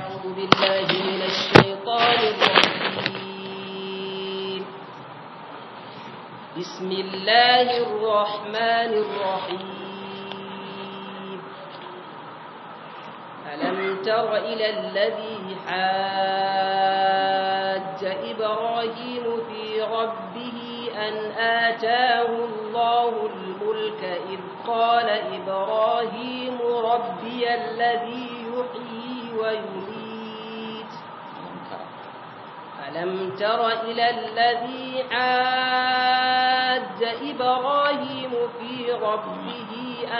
أعوذ بالله من الشيطان الرجيم بسم الله الرحمن الرحيم ألم تر إلى الذي حاج إبراهيم في ربه أن آتاه الله الملك إذ قال إبراهيم ربي الذي يحيي ويميت ألم تر إلى الذي عاد إبراهيم في ربه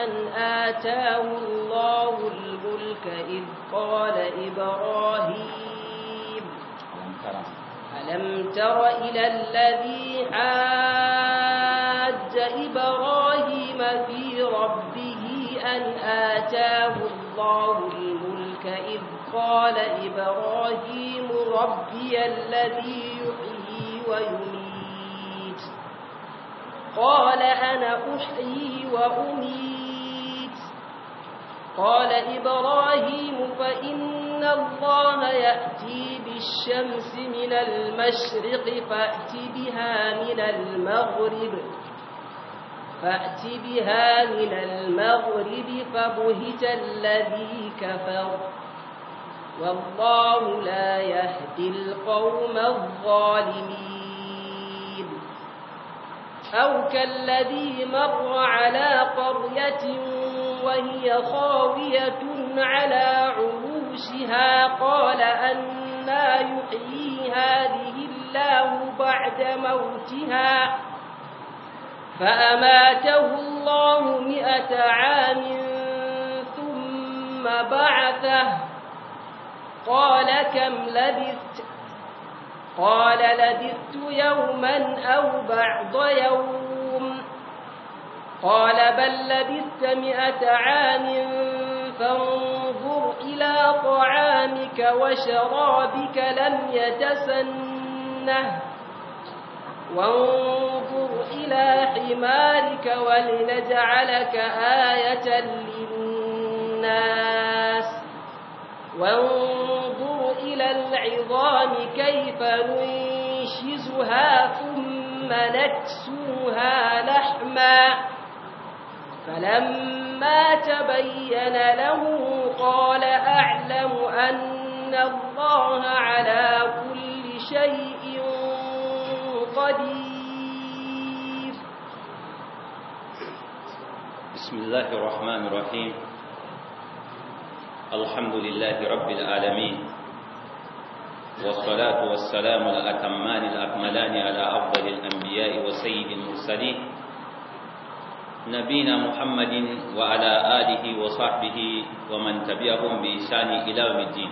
أن آتاه الله الملك إذ قال إبراهيم ألم تر إلى الذي عاد إبراهيم في ربه أن آتاه الله قال إبراهيم ربي الذي يحيي ويميت قال أنا أحيي وأميت قال إبراهيم فإن الله يأتي بالشمس من المشرق فأت بها من المغرب فأت بها من المغرب فبهت الذي كفر والله لا يهدي القوم الظالمين أو كالذي مر على قرية وهي خاوية على عروشها قال أنا يحيي هذه الله بعد موتها فأماته الله مئة عام ثم بعثه قال كم لبثت قال لبثت يوما أو بعض يوم قال بل لبثت مئة عام فانظر إلى طعامك وشرابك لم يتسنه وانظر إلى حمارك ولنجعلك آية للناس وانظر إلى العظام كيف ننشزها ثم نكسوها لحما فلما تبين له قال أعلم أن الله على كل شيء قدير بسم الله الرحمن الرحيم الحمد لله رب العالمين والصلاة والسلام الأتمان الأكملان على أفضل الأنبياء وسيد المرسلين نبينا محمد وعلى آله وصحبه ومن تبعهم بإحسان إلى يوم الدين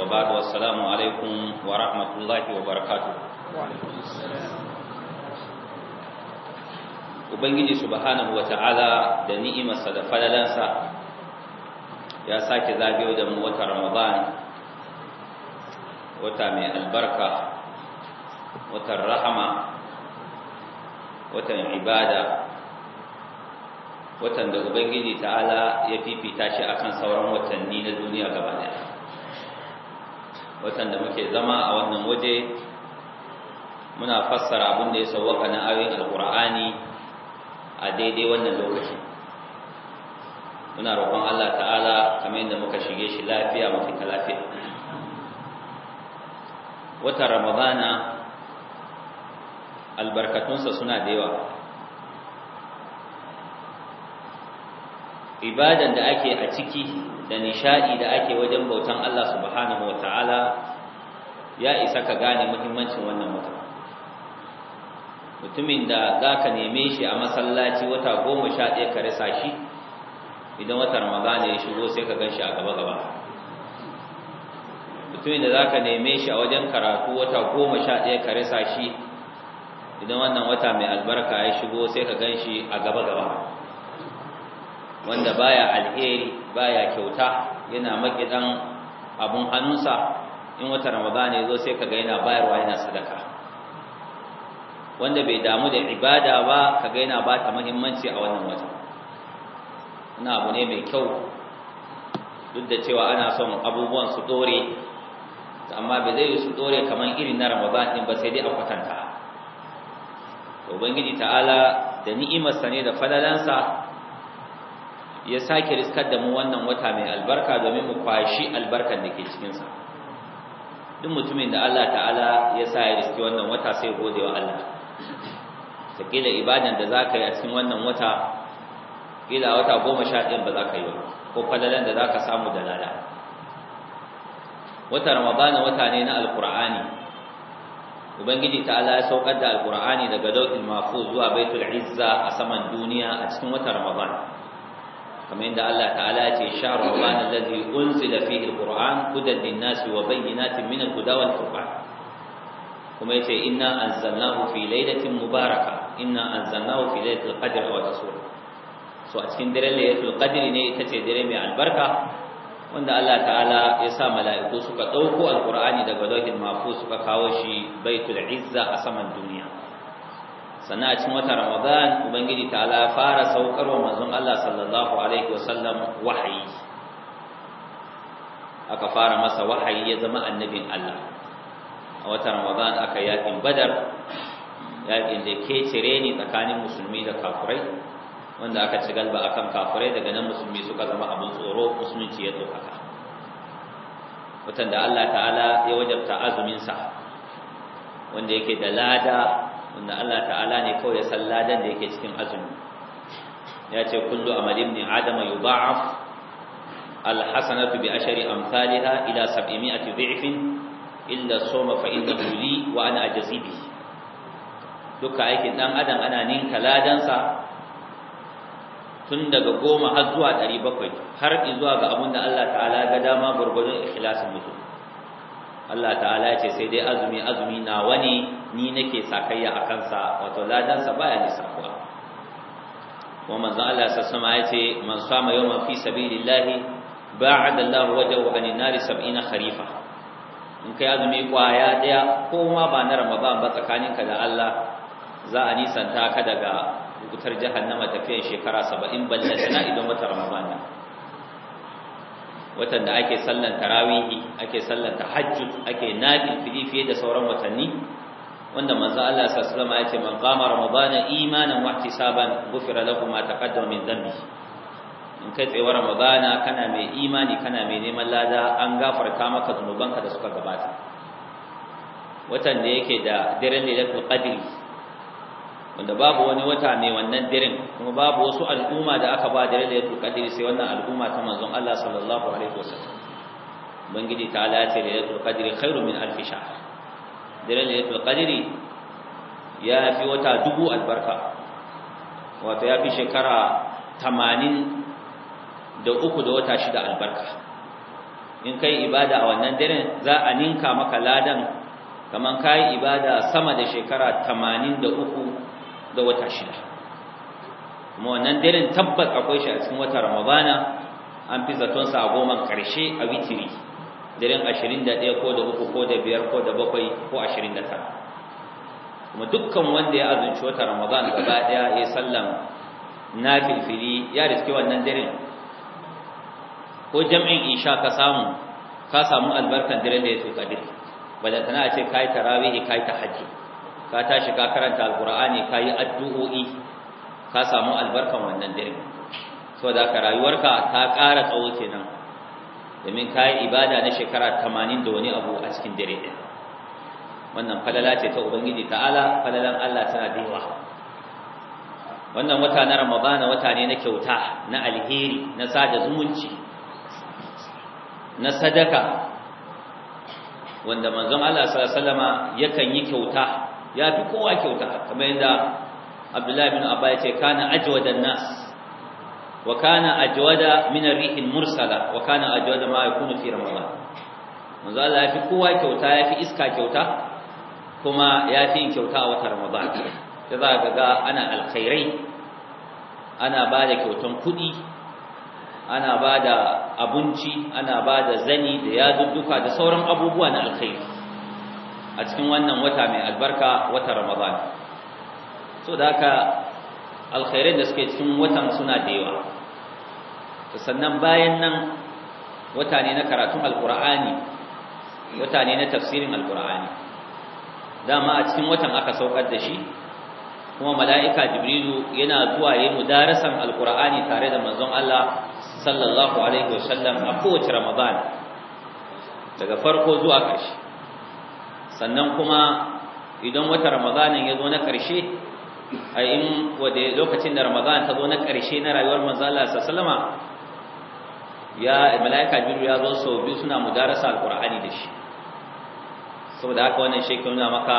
وبعد والسلام عليكم ورحمة الله وبركاته وعليكم السلام Ubangiji subhanahu wa ta'ala da ni'imarsa da falalansa ya sake zagayo da mu wata ramadan wata mai albarka wata rahama wata ibada watan da ubangiji ta'ala ya fifita shi akan sauran watanni na duniya gaba daya watan da muke zama a wannan waje muna fassara abin da ya sauwaka na ayoyin alkur'ani a daidai wannan lokacin muna roƙon Allah ta'ala kamar da muka shige shi lafiya mafi fita lafiya wata ramadana albarkatunsa suna da yawa ibadan da ake a ciki da nishadi da ake wajen bautan Allah subhanahu wa ta'ala ya isa ka gane muhimmancin wannan mutum mutumin da za ka neme shi a masallaci wata goma sha ɗaya ka rasa shi idan wata ramadana ya shigo sai ka gan shi a gaba gaba mutumin da za ka neme shi a wajen karatu wata goma sha ɗaya ka rasa shi idan wannan wata mai albarka ya shigo sai ka gan shi a gaba gaba wanda baya alheri baya kyauta yana makidan abun hannunsa in wata ramadana ya zo sai ka ga yana bayarwa yana sadaka wanda bai damu da ibada ba kaga yana ba ta muhimmanci a wannan wata na abu ne mai kyau duk da cewa ana son abubuwan su dore amma bai zai su dore kamar irin na ramadan din ba sai dai a kwatanta ubangiji ta'ala da ni'imarsa ne da falalansa ya sake riskar da mu wannan wata mai albarka domin mu kwashi albarkar da ke cikinsa duk mutumin da Allah ta'ala ya sa ya riski wannan wata sai gode wa Allah sakila ibadan da za ka yi a cikin wannan wata ila wata goma sha ɗin ba za ka yi ba ko falalan da za ka samu da lada wata ramadana wata ne na alkur'ani ubangiji ta ala ya saukar da alkur'ani daga dautin mafu zuwa baitul izza a saman duniya a cikin wata ramadana kamar yadda allah ta'ala ya ce sha ramadana lazi unzila fihi alkur'an hudan linnasi wa bayyinatin min alhuda wal furqan kuma yace inna anzalnahu fi lailatin mubaraka inna anzalnahu fi lailatul qadr wa tasawwur so a cikin dare lailatul qadri ne ita ce dare mai albarka wanda Allah ta'ala ya sa mala'iku suka dauko alqur'ani daga lauhin mahfuz suka kawo shi baitul izza a saman duniya sannan a cikin watan ramadan ubangiji ta'ala ya fara wa manzon Allah sallallahu alaihi wasallam wahayi aka fara masa wahayi ya zama annabin Allah a watan ramadan aka yakin badar yakin da ke cire ni tsakanin musulmi da kafirai wanda aka ci galba kan kafirai daga nan musulmi suka zama abin tsoro musulunci ya tsokaka watan da Allah ta'ala ya wajabta azuminsa, wanda yake da lada wanda Allah ta'ala ne kawai ya san ladan da yake cikin azumi ya ce kullu amal ibn adam yudha'af alhasanatu bi ashri amsalha ila 700 dhi'fin illa sawma fa innahu li wa ana ajzi dukkan aikin dan adam ana ninka ladansa tun daga goma har zuwa ɗari bakwai har zuwa ga abin da Allah ta'ala ga dama gwargwadon ikhlasin mutum Allah ta'ala ya ce sai dai azumi azumi na wani ni nake sakayya a kansa wato ladansa baya lissafuwa kuma manzon Allah sassama ya ce man sama yawman fi sabilillahi ba'ada Allah wajahu an nari sab'ina kharifa in kai azumi kwaya daya ko ma ba na Ramadan ba tsakaninka da Allah za a nisanta ka daga wutar jahannama tafiyan shekara saba'in ballantana idan wata ramadana watan da ake sallan tarawihi ake sallan tahajjud ake nafil fili fiye da sauran watanni wanda manzo Allah sallallahu alaihi wasallam ya ce man qama ramadana imanan wa ihtisaban ghufira lahu ma taqaddama min dhanbi in kai tsayuwar ramadana kana mai imani kana mai neman lada an gafarta maka zunubanka da suka gabata watan da yake da daren lailatul qadr wanda babu wani wata mai wannan dirin kuma babu wasu al'umma da aka ba dare da ya tukadiri sai wannan al'umma ta manzon Allah sallallahu alaihi wasallam ubangiji ta ala ce da ya tukadiri khairu min alfi shahr dare da ya tukadiri ya fi wata dubu albarka wato ya fi shekara 80 da uku da wata shida albarka in kai ibada a wannan daren za a ninka maka ladan kaman kai ibada sama da shekara 83 ga wata shida kuma wannan daren tabbat akwai shi a cikin wata ramadana an fi zaton sa a goma karshe a witiri daren 21 ko da 3 ko da 5 ko da 7 ko 29 kuma dukkan wanda ya azunci wata ramadana gaba daya ya sallam na filfili ya riske wannan daren ko jami'in isha ka samu ka samu albarkan daren da ya tuka dire balantana a ce kai tarawih kai ta tahajjud ka tashi ka karanta alqur'ani ka yi addu'o'i ka samu albarkan wannan dare saboda ka rayuwarka ta ƙara tsawo kenan domin ka yi ibada na shekara 80 da wani abu a cikin dare ɗin wannan falala ce ta ubangiji ta'ala falalan Allah tana da wannan wata na ramadana wata ne na kyauta na alheri na sada zumunci na sadaka wanda manzon Allah sallallahu alaihi wasallama yakan yi kyauta ya fi kowa kyauta kamar yadda Abdullahi bin Abba ce kana ajwadan nas wa kana ajwada min ar-rihil mursala wa kana ajwada ma yakunu fi ramadan manzo Allah ya fi kowa kyauta ya fi iska kyauta kuma ya fi kyauta a watan ramadan sai za ka ga ana alkhairai ana bada kyautan kuɗi ana bada abinci ana ba da zani da yadudduka da sauran abubuwa na alkhairi a cikin wannan wata mai albarka wata ramadan so da haka alkhairai da suke cikin watan suna da yawa sannan bayan nan wata ne na karatun alkur'ani wata ne na tafsirin alkur'ani dama a cikin watan aka saukar da shi kuma mala'ika jibrilu yana zuwa yin mudarasan alkur'ani tare da manzon Allah sallallahu alaihi wasallam a kowace ramadan daga farko zuwa ƙarshe sannan kuma idan wata ramadanin ya zo na ƙarshe a yin wadda lokacin da ramadan ta zo na ƙarshe na rayuwar manzala sallama ya mala'ika jiru ya zo sau biyu suna mudarasa al'ƙura'ani da shi saboda haka wannan shekaru na maka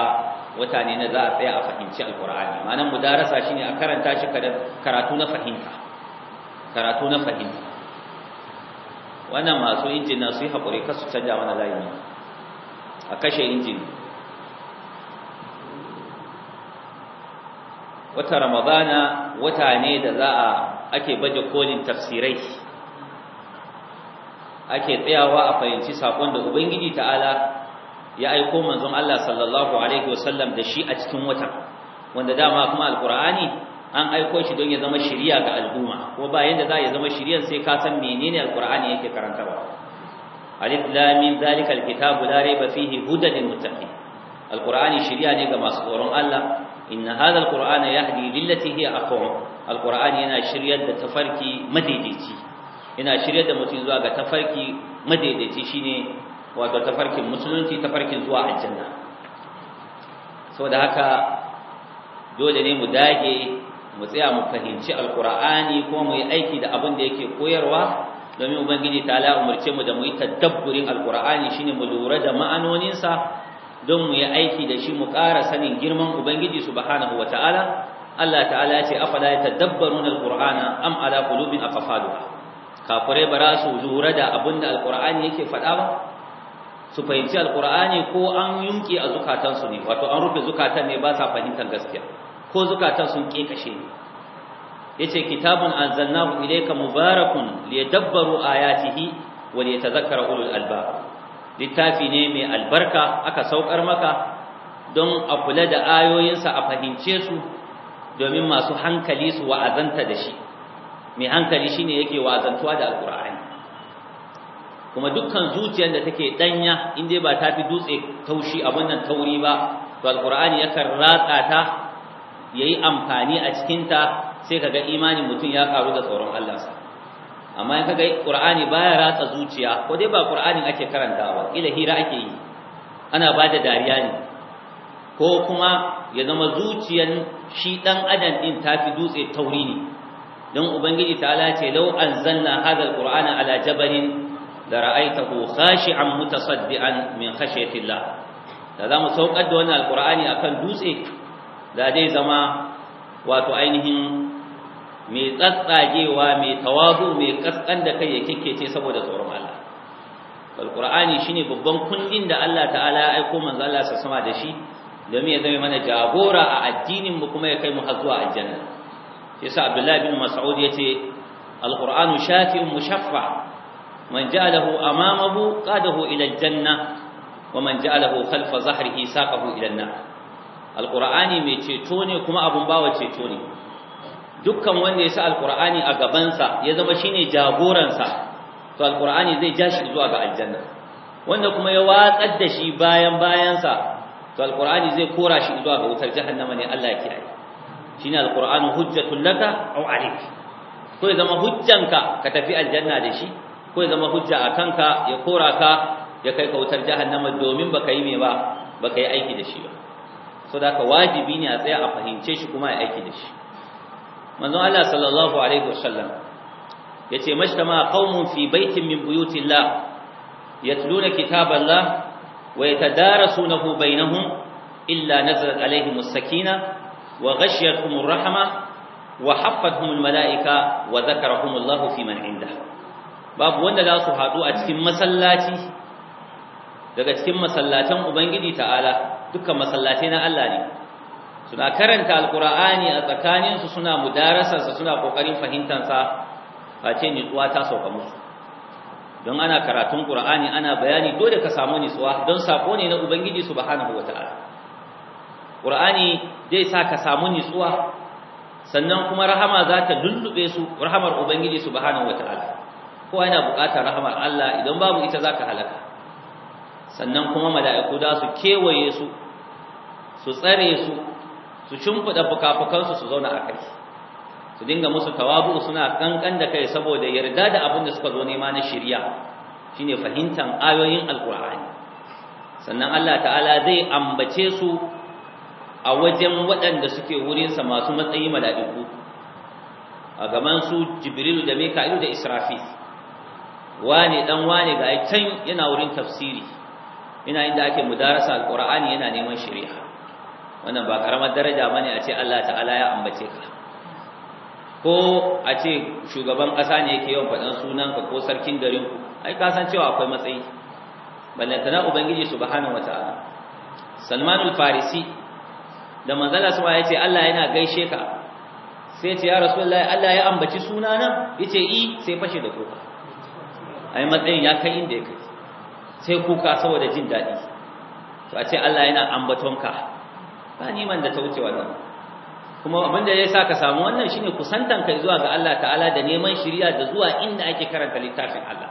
wata ne na za a tsaya a fahimci alqur'ani ma'anar mudarasa ne a karanta shi karatu na fahimta karatu na fahimta wannan masu injina su yi haƙuri kasu canja mana layi ne a kashe injin wata ramadana wata ne da za a ake baje kolin tafsirai ake tsayawa a fahimci sakon da ubangiji ta'ala ya aiko manzon Allah sallallahu alaihi wasallam da shi a cikin wata wanda dama kuma alqur'ani an aiko shi don ya zama shiriya ga al'umma Kuma ba yanda za ya zama shiriyan sai ka san menene alkur'ani yake ba? alif lam zalikal kitabu la rayba fihi hudan lil muttaqin alqur'ani shiriya ne ga masu tsoron Allah inna hadha alqur'ana yahdi lillati hiya aqwam alqur'ani yana shiryar da tafarki madaidaici yana shiryar da mutum zuwa ga tafarki madaidaici shine wato tafarkin musulunci tafarkin zuwa aljanna saboda haka dole ne mu dage mu tsaya mu fahimci alqur'ani kuma mu yi aiki da abin da yake koyarwa domin ubangiji ta ala umarce mu da mu yi tadabburin alkur'ani shine mu lura da ma'anoninsa don mu yi aiki da shi mu ƙara sanin girman ubangiji subhanahu ta'ala. Allah ta'ala ya ce afala yatadabbaruna alqur'ana am ala qulubin aqfaluha kafirai ba za su lura da abinda alqur'ani yake faɗa ba su fahimci alqur'ani ko an yunki a zukatansu ne wato an rufe zukatan ne ba sa fahimtar gaskiya ko zukatan sun kekashe ne yace kitabun anzalnahu ilayka mubarakun liyadabbaru ayatihi wa liyatadhakkara ulul albab littafi ne mai albarka aka saukar maka don a kula da ayoyinsa a fahimce su domin masu hankali su wa'azanta da shi mai hankali shine yake wa'azantuwa da alqur'ani kuma dukkan zuciyar da take danya in dai ba ta fi dutse taushi abin nan tauri ba to alqur'ani yakan ratsa ta yayi amfani a cikinta sai ka ga imanin mutum ya karu da tsoron Allah sa amma in ga Qur'ani baya ratsa zuciya ko dai ba Qur'anin ake ba, ila hira ake yi ana bada dariya ne ko kuma ya zama zuciyan shi dan adam din tafi dutse tauri ne don ubangiji ta'ala ce law anzalna hadha alqur'ana ala jabalin da ra'aitahu khashi'an mutasaddian min khashyatillah da zamu saukar da wannan alqur'ani akan dutse da dai zama wato ainihin mai tsatsagewa mai tawazu mai kaskan da kai ya kikkece saboda tsoron Allah alqur'ani shine babban kundin da Allah ta'ala ya aika manzo Allah sa sama da shi domin ya zama mana jagora a addinin mu kuma ya kai mu har zuwa aljanna yasa Abdullahi bin Mas'ud yace alqur'anu shafi'un mushaffa man ja'alahu amamahu qadahu ila aljanna wa man ja'alahu khalfa zahrihi saqahu ila an alqur'ani mai ceto ne kuma abun bawa ceto ne dukkan wanda ya sa alqur'ani a gabansa ya zama ne jagoransa to alqur'ani zai ja shi zuwa ga aljanna wanda kuma ya watsar da shi bayan bayansa to alqur'ani zai kora shi zuwa ga wutar jahannama ne Allah ya kiyaye ne alqur'anu hujjatul laka aw alayk ko ya zama hujjanka ka tafi aljanna da shi ko ya zama hujja a kanka ya kora ka ya kai ka wutar jahannama domin baka yi me ba baka yi aiki da shi ba so haka wajibi ne a tsaya a fahimce shi kuma yi aiki da shi manzon Allah sallallahu alaihi wasallam yace majtama qaumun fi baitin min buyutillah yatluna kitaballah wa yatadarasunahu bainahum illa nazalat alaihim as wa ghashiyatuhum rahma wa malaika wa dhakarahum fi man indah babu wanda za su haɗu a cikin masallaci daga cikin masallatan ubangiji ta'ala dukkan masallatai na Allah ne suna karanta alkur'ani a tsakaninsu suna mudarasarsa suna ƙoƙarin fahimtansa ba ce tsuwa ta sauka musu don ana karatun ƙur'ani ana bayani dole ka samu tsuwa don sako ne na ubangiji subhanahu wata'ala ƙur'ani zai sa ka samu tsuwa sannan kuma rahama za ta lullube su rahamar ubangiji subhanahu wata'ala ko ana buƙatar rahamar Allah idan babu ita za ka halaka sannan kuma mala'iku za su kewaye su su tsare su su da fukafukansu su zauna a kai su dinga musu tawabu suna kankan da kai saboda yarda da abin da suka zo nema na shirya shine fahimtar ayoyin alqur'ani sannan Allah ta'ala zai ambace su a wajen waɗanda suke wurinsa masu matsayi mala'iku a gaban su jibrilu da mika'ilu da israfil wane dan wane ga can yana wurin tafsiri yana inda ake mudarasa alqur'ani yana neman shari'a wannan ba karamar daraja bane a ce Allah ta'ala ya ambace ka ko a ce shugaban ƙasa ne yake yawan faɗan sunanka ko sarkin garin ku ai ka san cewa akwai matsayi ballantana ubangiji subhanahu wata'ala salman al-farisi da manzala suwa ya ce Allah yana gaishe ka sai ce ya rasulullahi Allah ya ambaci sunana yace i eh, sai fashe da kuka ai matsayin ya kai inda ya kai sai kuka saboda jin daɗi to a ce Allah yana ambatonka ba niman da ta wuce wannan kuma abin da ya sa ka samu wannan shine kusantan kai zuwa ga Allah ta'ala da neman shiriya da zuwa inda ake karanta littafin Allah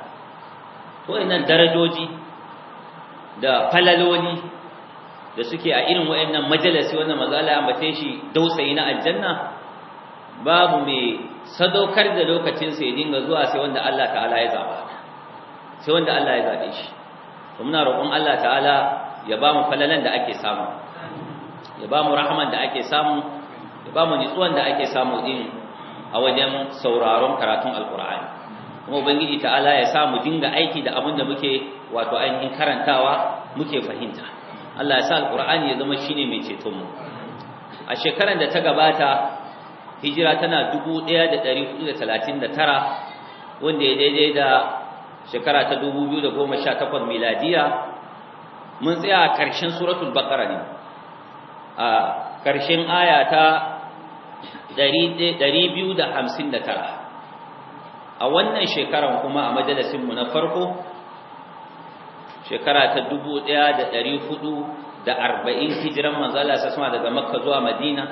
to innan darajoji da falaloli da suke a irin wayannan majalisi wannan manzo Allah ya ambace shi dausayi na aljanna babu mai sadaukar da lokacin sa ya dinga zuwa sai wanda Allah ta'ala ya zaba sai wanda Allah ya zabe shi to muna roƙon Allah ta'ala ya ba mu falalan da ake samu ya ba mu rahman da ake samu ya ba mu nitsuwan da ake samu din a wajen sauraron karatun alkur'ani kuma ubangiji ta'ala ya sa mu dinga aiki da abin da muke wato ainihin karantawa muke fahimta Allah ya sa alkur'ani ya zama shine mai ceton mu a shekarar da ta gabata hijira tana 1439 wanda ya daidai da shekara ta 2018 miladiya mun tsaya a ƙarshen suratul baqara ne a ƙarshen aya ta 259 a wannan shekaran kuma a majalisinmu na farko shekara ta 1440 hijiran manzala suna daga makka zuwa madina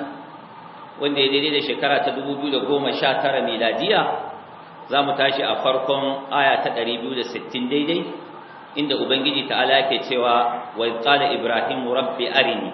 wanda ya daidai da shekara ta 2019 miladiya za mu tashi a farkon aya ta 260 daidai inda ubangiji ta'ala ke cewa wa qala ibrahim rabbi arini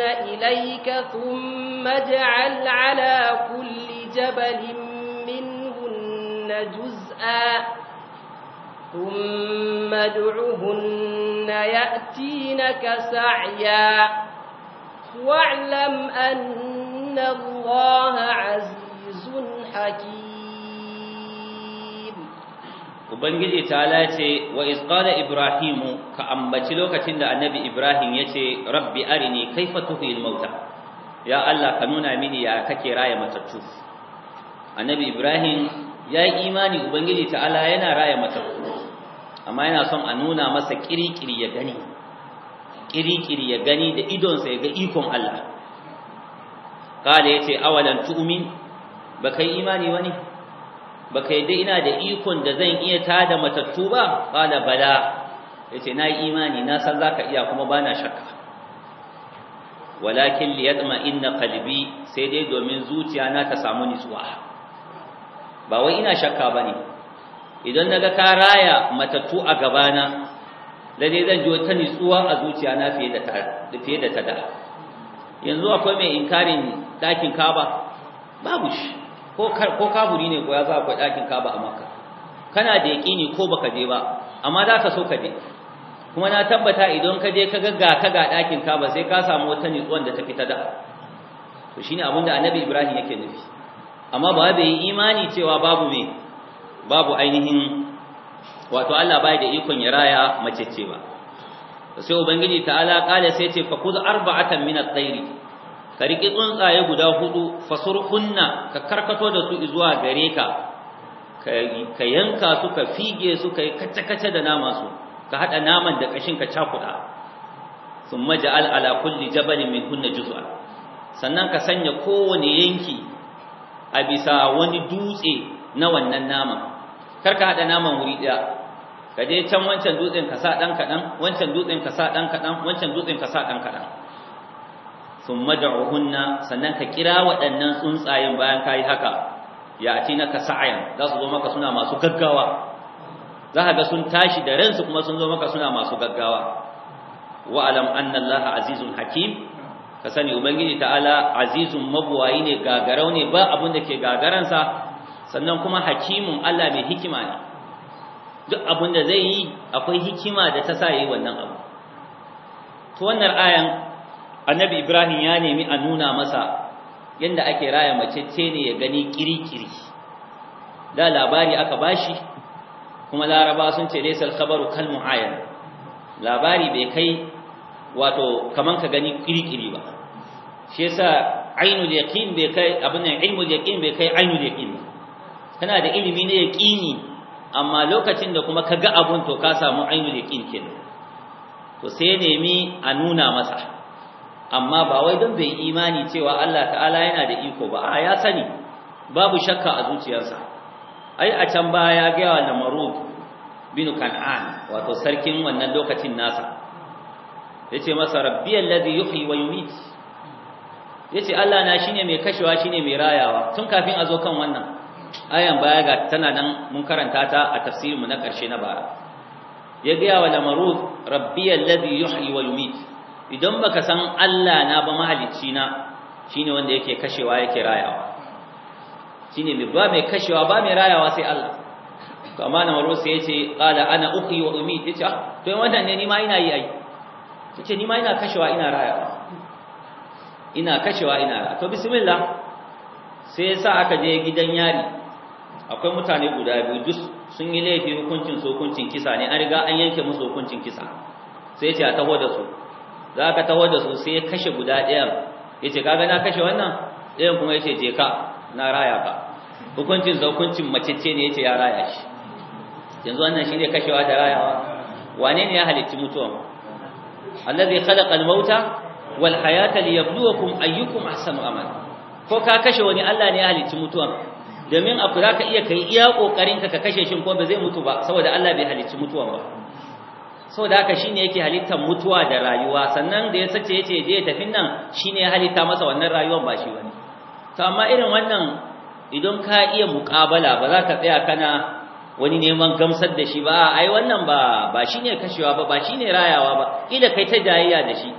يوحون إليك ثم اجعل على كل جبل منهن جزءا ثم ادعهن يأتينك سعيا واعلم أن الله عزيز حكيم ubangiji ta lace wa isqala ibrahimu ka ambaci lokacin da annabi ibrahim yace rabbi arini kaifa tuhil mauta ya allah ka nuna mini ya kake raye matattu annabi ibrahim ya yi imani ubangiji ta'ala yana raye matattu amma yana son a nuna masa kirikiri ya gani kirikiri ya gani da idonsa ya ga ikon allah kada yace awalan tu'min kai imani wani baka yadda ina da ikon da zan iya tada matattu ba qala bala yace na imani na san zaka iya kuma bana shakka walakin liyadma inna qalbi sai dai domin zuciya na ta samu nutsuwa ba wai ina shakka bane idan naga ka raya matattu a gaba na lalle zan ji ta nutsuwa a zuciya na fiye da ta fiye da ta da yanzu akwai mai inkarin dakin kaba babu shi ko kaburi ne ko ya za akwai ɗakin kaba a makka kana da yaƙini ko baka je ba amma za ka so ka je kuma na tabbata idan ka je ka ga ga ga ɗakin kaba sai ka samu wata nutsuwan da ta fita da to shine abin da annabi ibrahim yake nufi amma ba bai yi imani cewa babu me babu ainihin wato Allah bai da ikon ya raya mace ce ba sai ubangiji ta'ala kala sai ce fa kuzu arba'atan min al tsairi ka riƙe tsuntsaye guda hudu fasurhunna ka karkato da su zuwa gare ka ka yanka su ka fige su ka yi kace-kace da nama su ka haɗa naman da kashin ka cakuɗa sun maja'al ala kulli jabalin min hunna juz'a sannan ka sanya kowane yanki a bisa wani dutse na wannan naman kar ka haɗa naman wuri ɗaya ka je can wancan dutsen ka sa dan kaɗan wancan dutsen ka sa dan kaɗan wancan dutsen ka sa dan kaɗan thumma da'uhunna sannan ka kira waɗannan tsuntsayen bayan kayi haka ya ati naka sa'ayan za su zo maka suna masu gaggawa za ka ga sun tashi da ransu kuma sun zo maka suna masu gaggawa wa alam anna allaha azizun hakim ka sani ubangiji ta'ala azizun mabuwayi ne gagarau ne ba abin da ke gagaransa sannan kuma hakimun Allah mai hikima ne duk abin da zai yi akwai hikima da ta sa yi wannan abu to wannan ayan annabi ibrahim ya nemi a nuna masa yadda ake raya macece ne ya gani kirikiri da labari aka bashi kuma laraba sun ce laysal khabaru kalmu ayan labari bai kai wato kaman ka gani kirikiri ba shi yasa ainul yaqin bai kai abin nan ilmul yaqin bai kai ainul yaqin kana da ilimi ne yaqini amma lokacin da kuma ka ga abun to ka samu ainul yaqin kenan to sai nemi a nuna masa amma ba wai don bai imani cewa Allah ta'ala yana da iko ba a ya sani babu shakka a zuciyarsa ai a can ba ya gaya wa namarud bin kan'an wato sarkin wannan lokacin nasa yace masa rabbi alladhi yuhyi wa Ya yace Allah na shine mai kashewa shine mai rayawa tun kafin a zo kan wannan ayan baya ga tana nan mun karanta ta a tafsirinmu na karshe na bara ya gaya wa lamarud rabbi alladhi yuhyi wa yumit idan baka san Allah na ba mahalicci na shine wanda yake kashewa yake rayawa shine mai ba mai kashewa ba mai rayawa sai Allah to amma na maro sai yace qala ana uqi wa umi yace ah, to wannan ne ni ma ina yi ai yace ni ma ina kashewa ina rayawa ina kashewa ina rayawa to bismillah sai yasa aka je gidan yari akwai mutane guda biyu duk sun yi laifi hukuncin su hukuncin kisa ne an riga an yanke musu hukuncin kisa sai yace a taho da su za ka taho da su sai kashe guda ɗayan ya ce kaga na kashe wannan ɗayan kuma ya ce je ka na raya ka hukuncin zaukuncin macece ne ya ce ya raya shi yanzu wannan shi ne kashewa da rayawa wane ne ya halitti mutuwan allazi khalaqa al-mauta wal hayata liyabluwakum ayyukum ahsanu amala ko ka kashe wani Allah ne ya halitti mutuwa? domin a kula ka iya kai iya kokarin ka kashe shi ko ba zai mutu ba saboda Allah bai halicci mutuwa ba so da haka shine yake halittar mutuwa da rayuwa sannan da ya sace yace je tafin nan shine ya halitta masa wannan rayuwar ba shi wani to amma irin wannan idan ka iya muƙabala ba za ka tsaya kana wani neman gamsar da shi ba ai wannan ba ba shine kashewa ba ba shine rayawa ba kila kai ta jayayya da shi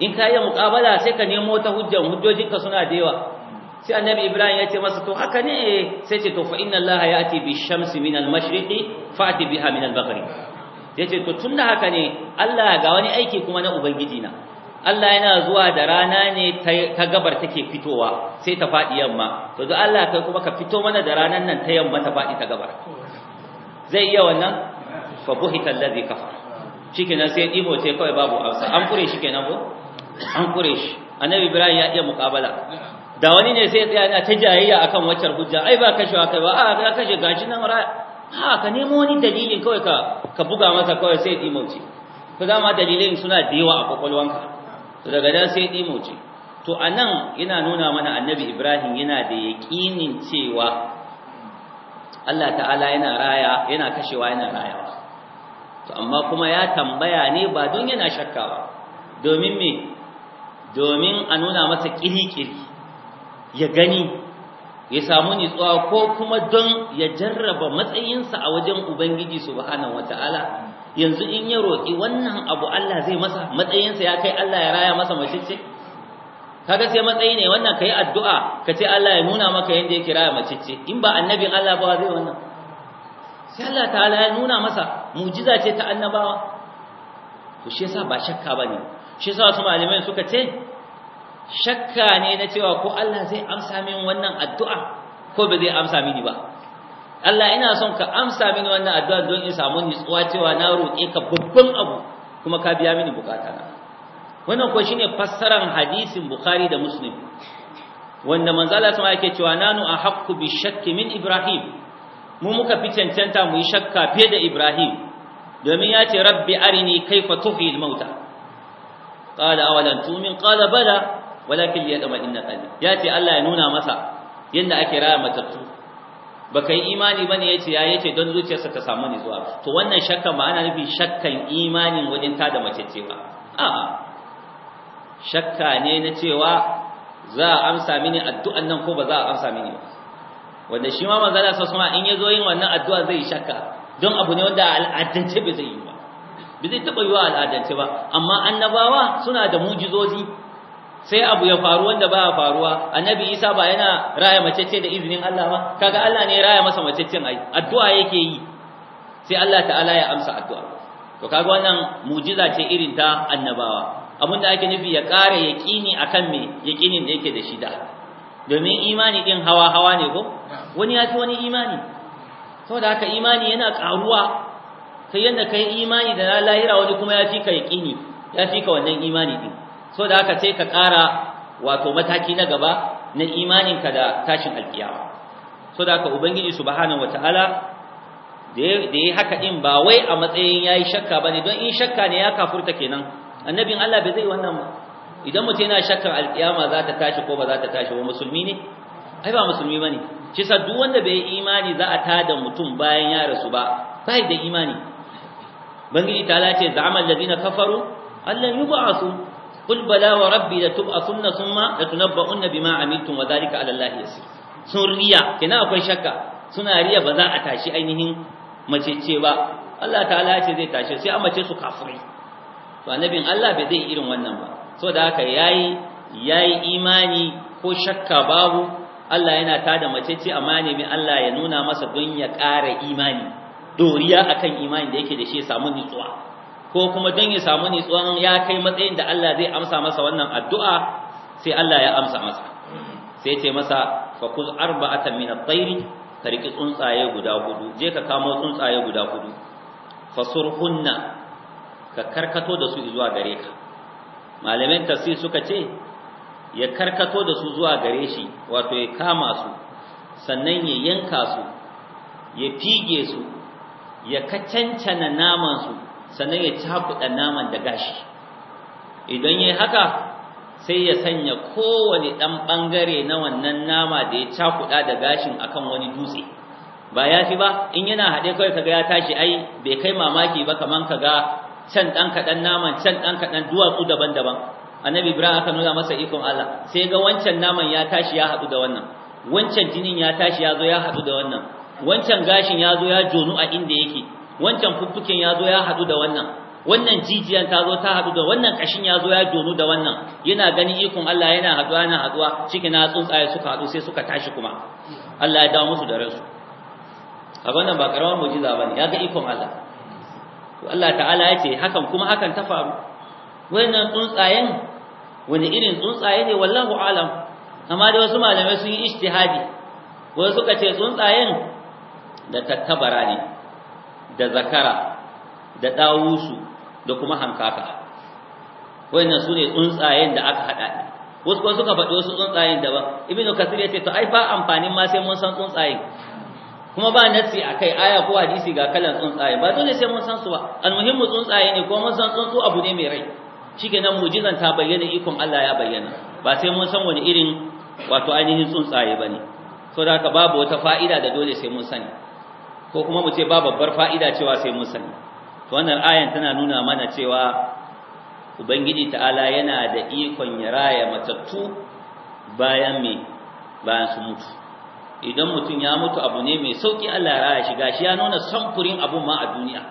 in ka iya muƙabala sai ka nemo ta hujjan hujjojinka suna da yawa sai annabi ibrahim ya ce masa to haka ne sai ce to fa inna allaha ya'ti bi shamsi min al-mashriqi fa'ti biha min al-maghrib yace to tunda haka ne Allah ga wani aiki kuma na ubangiji na Allah yana zuwa da rana ne ta gabar take fitowa sai ta faɗi yamma to don Allah kai kuma ka fito mana da ranan nan ta yamma ta faɗi ta gabar zai iya wannan fa buhita allazi kafara shikenan sai dibo sai kawai babu amsa an kure shi kenan ko an kure shi annabi ibrahim ya iya muqabala da wani ne sai ya tsaya ta jayayya akan waccar hujja ai ba kashewa kai ba a ka kashe gashi nan ra haka ka nemo wani dalilin kawai ka ka buga masa kawai sai dimauce to ma dalilin suna da yawa a kwakwalwanka to daga da sai dimauce to anan yana nuna mana annabi Ibrahim yana da yaqinin cewa Allah ta'ala yana raya yana kashewa yana rayawa to amma kuma ya tambaya ne ba don yana shakka ba domin me domin a nuna masa kirikiri ya gani ya samu nitsuwa ko kuma don ya jarraba matsayinsa a wajen ubangiji subhanahu wataala yanzu in ya roƙi wannan abu Allah zai masa matsayinsa ya kai Allah ya raya masa macicce kaga sai matsayi ne wannan kai addu'a ka ce Allah ya nuna maka yanda yake raya macicce in ba annabin Allah ba zai wannan sai Allah ta'ala ya nuna masa mu'jiza ce ta annabawa to shi yasa ba shakka bane shi yasa wasu malamai suka ce shakka ne na cewa ko Allah zai amsa min wannan addu'a ko ba zai amsa mini ba Allah ina son ka amsa mini wannan addu'a don in samu nutsuwa cewa na roƙe ka babban abu kuma ka biya mini bukata na wannan ko shine fassaran hadisin Bukhari da Muslim wanda manzo Allah sama yake cewa nanu ahaqqu bi shakki min Ibrahim mu muka fi cancanta mu yi shakka fiye da Ibrahim domin ya ce rabbi arini kaifa al mauta qala awalan tu'min qala bala walakin li yadama inna qalbi ya ce Allah ya nuna masa yadda ake raya matattu baka yi imani bane yace ya yace don zuciyarsa ta samu zuwa. to wannan shakka ba ana nufi shakkan imanin wajen ta da mace ce ba a'a shakka ne na cewa za a amsa mini addu'an nan ko ba za a amsa mini ba wanda shi ma manzala sa suma in yazo yin wannan addu'a zai shakka don abu ne wanda al'adance bai zai yi ba bai zai taba wa al'adance ba amma annabawa suna da mujizozi sai abu ya faru wanda ba ya faruwa annabi isa ba yana raya macece da izinin Allah ba kaga Allah ne ya raya masa macecen ai addu'a yake yi sai Allah ta'ala ya amsa addu'a to kaga wannan mu'jiza ce irin ta annabawa abinda ake nufi ya ƙara yaqini akan me yaqinin da yake da shi da domin imani din hawa hawa ne ko wani ya fi wani imani saboda haka imani yana karuwa sai yanda kai imani da lahira wani kuma ya fi ka yaqini ya fi ka wannan imani din so da haka sai ka ƙara wato mataki na gaba na imaninka da tashin alkiyama so da haka ubangiji subhanahu wataala da yi haka din ba wai a matsayin yayi shakka bane don in shakka ne ya kafurta kenan annabin Allah bai zai wannan idan mutum yana shakkar alkiyama za ta tashi ko ba za ta tashi ba musulmi ne ai ba musulmi bane shi sa duk wanda bai imani za a tada mutum bayan ya rasu ba bai da imani bangiji ta lace za'amal ladina kafaru allan yub'asu qul bala wa rabbi la tub'athunna thumma la tunabba'unna bima amiltum wa dhalika 'ala allahi yasir sun riya kina akwai shakka suna riya ba za a tashi ainihin mace ce ba Allah ta'ala ce zai tashi sai a mace su kafirai to annabin Allah bai zai irin wannan ba da haka yayi yayi imani ko shakka babu Allah yana tada mace ce amma ne mai Allah ya nuna masa don ya ƙara imani doriya akan imani da yake da shi ya samu nutsuwa ko kuma don ya samu nitsuwan ya kai matsayin da Allah zai amsa masa wannan addu'a sai Allah ya amsa masa sai ce masa ka kuz arba'atan min at ka riƙi tsuntsaye guda hudu je ka kamo tsuntsaye guda hudu fasurhunna ka karkato da su zuwa gare ka malamin tafsir suka ce ya karkato da su zuwa gare shi wato ya kama su sannan ya yanka su ya fige su ya kacancana naman su sannan ya cakuɗa naman da gashi idan yayi haka sai ya sanya kowane ɗan ɓangare na wannan nama da ya cakuɗa da gashin akan wani dutse ba ya fi ba in yana haɗe kawai kaga ya tashi ai bai kai mamaki ba kaman kaga can ɗan kaɗan naman can ɗan kaɗan duwatsu daban-daban annabi ibrahim aka nuna masa ikon Allah sai ga wancan naman ya tashi ya haɗu da wannan wancan jinin ya tashi ya zo ya haɗu da wannan wancan gashin ya zo ya jonu a inda yake wancan fuffuken ya zo ya haɗu da wannan wannan jijiyan ta zo ta haɗu da wannan ƙashin ya zo ya donu da wannan yana gani ikon Allah yana haduwa yana haɗuwa ciki na tsuntsaye suka haɗu sai suka tashi kuma Allah ya dawo musu da ransu a wannan ba karamar mu'jiza ne, ya ga ikon Allah to Allah ta'ala ya ce hakan kuma hakan ta faru wannan tsuntsayen wani irin tsuntsaye ne wallahu alam amma dai wasu malamai sun yi ijtihadi wasu suka ce tsuntsayen da tattabara ne da zakara da Dawusu, da kuma hankaka wannan su ne tsuntsayen da aka hada wasu kuma suka faɗi wasu tsuntsayen daban ibnu kasir ya ce to ai ba amfanin ma sai mun san tsuntsayen kuma ba nasi kai aya ko hadisi ga kalan tsuntsaye ba dole sai mun san su ba almuhimmu tsuntsaye ne ko mun san tsuntsu abu ne mai rai shikenan mu'jizan ta bayyana ikon Allah ya bayyana ba sai mun san wani irin wato ainihin tsuntsaye bane saboda haka babu wata fa'ida da dole sai mun sani ko kuma mu ce ba babbar fa'ida cewa sai mun sani to wannan ayan tana nuna mana cewa ubangiji ta'ala yana da ikon ya raya matattu bayan me bayan su mutu idan mutum ya mutu abu ne mai sauki Allah ya raya shiga shi ya nuna samfurin abun ma a duniya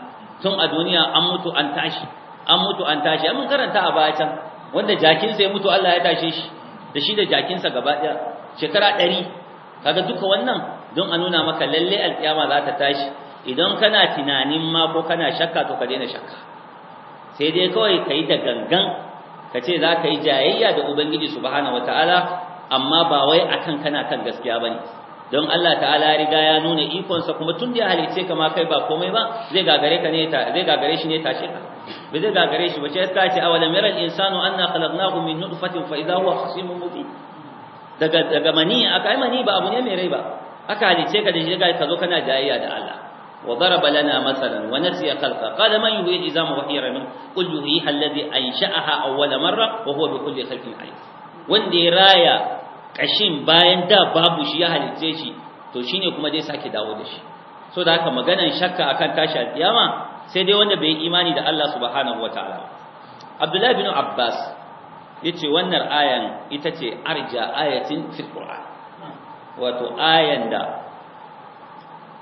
tun a duniya an mutu an tashi an mutu an tashi mun karanta a baya can wanda jakinsa ya mutu Allah ya tashe shi da shi da jakinsa gaba ɗaya shekara ɗari kaga duka wannan don a nuna maka lalle alkiyama za ta tashi idan kana tunanin ma ko kana shakka to ka daina shakka sai dai kawai ka yi da gangan ka ce za ka yi jayayya da ubangiji subhanahu wataala amma ba wai akan kana kan gaskiya ba ne don Allah ta'ala riga ya nuna ikonsa kuma tun da ya halice ka ma kai ba komai ba zai gagare ka ne ta zai gagare shi ne tashi ka ba zai gagare shi ba ce ta ce awalam yara al-insanu anna khalaqnahu min nutfatin fa idha huwa khasimun mubin daga daga mani aka ai mani ba abu ne mai rai ba aka halice ka da shi ka zo kana jayayya da Allah wa daraba lana masalan wa nasiya khalqa qala man yuhyi al-izama wa hiya ramin qul ha alladhi ansha'aha awwal marra wa huwa bi kulli khalqin alim wanda ya raya kashin bayan da babu shi ya halice shi to shine kuma dai sake dawo da shi so da haka maganan shakka akan tashi alkiyama sai dai wanda bai imani da Allah subhanahu wataala Abdullah ibn Abbas yace wannan ayan ita ce arja ayatin fil Qur'an wato ayan da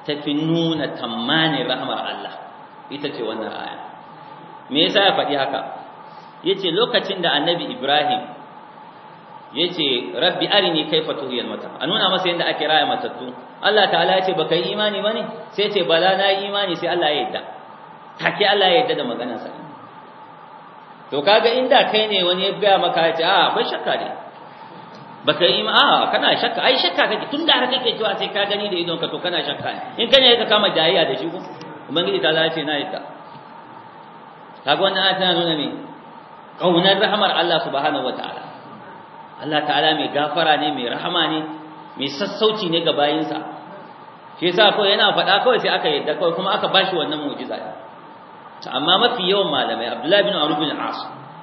ta fi nuna tamanin rahmar Allah ita ce wannan aya me yasa ya faɗi haka yace lokacin da annabi Ibrahim yace rabbi arini kaifa tuhyal mata a nuna masa yanda ake raya matattu Allah ta'ala yace baka yi imani bane sai yace bala na yi imani sai Allah ya yadda take Allah ya yadda da maganar sa to kaga inda kai ne wani ya gaya maka yace a ah, bai shakka ne baka yi a kana shakka ai shakka kake tun da har kake cewa sai ka gani da idon ka to kana shakka ne in kana yaka kama jayiya da shi ko ubangiji ta zace na yadda kaga wannan ayat na nuna me kaunar rahmar Allah subhanahu wataala Allah ta'ala mai gafara ne mai rahama ne mai sassauci ne ga bayinsa shi yasa kawai yana faɗa kawai sai aka yadda kawai kuma aka bashi wannan mu'jiza amma mafi yawan malamai Abdullahi bin Amr bin As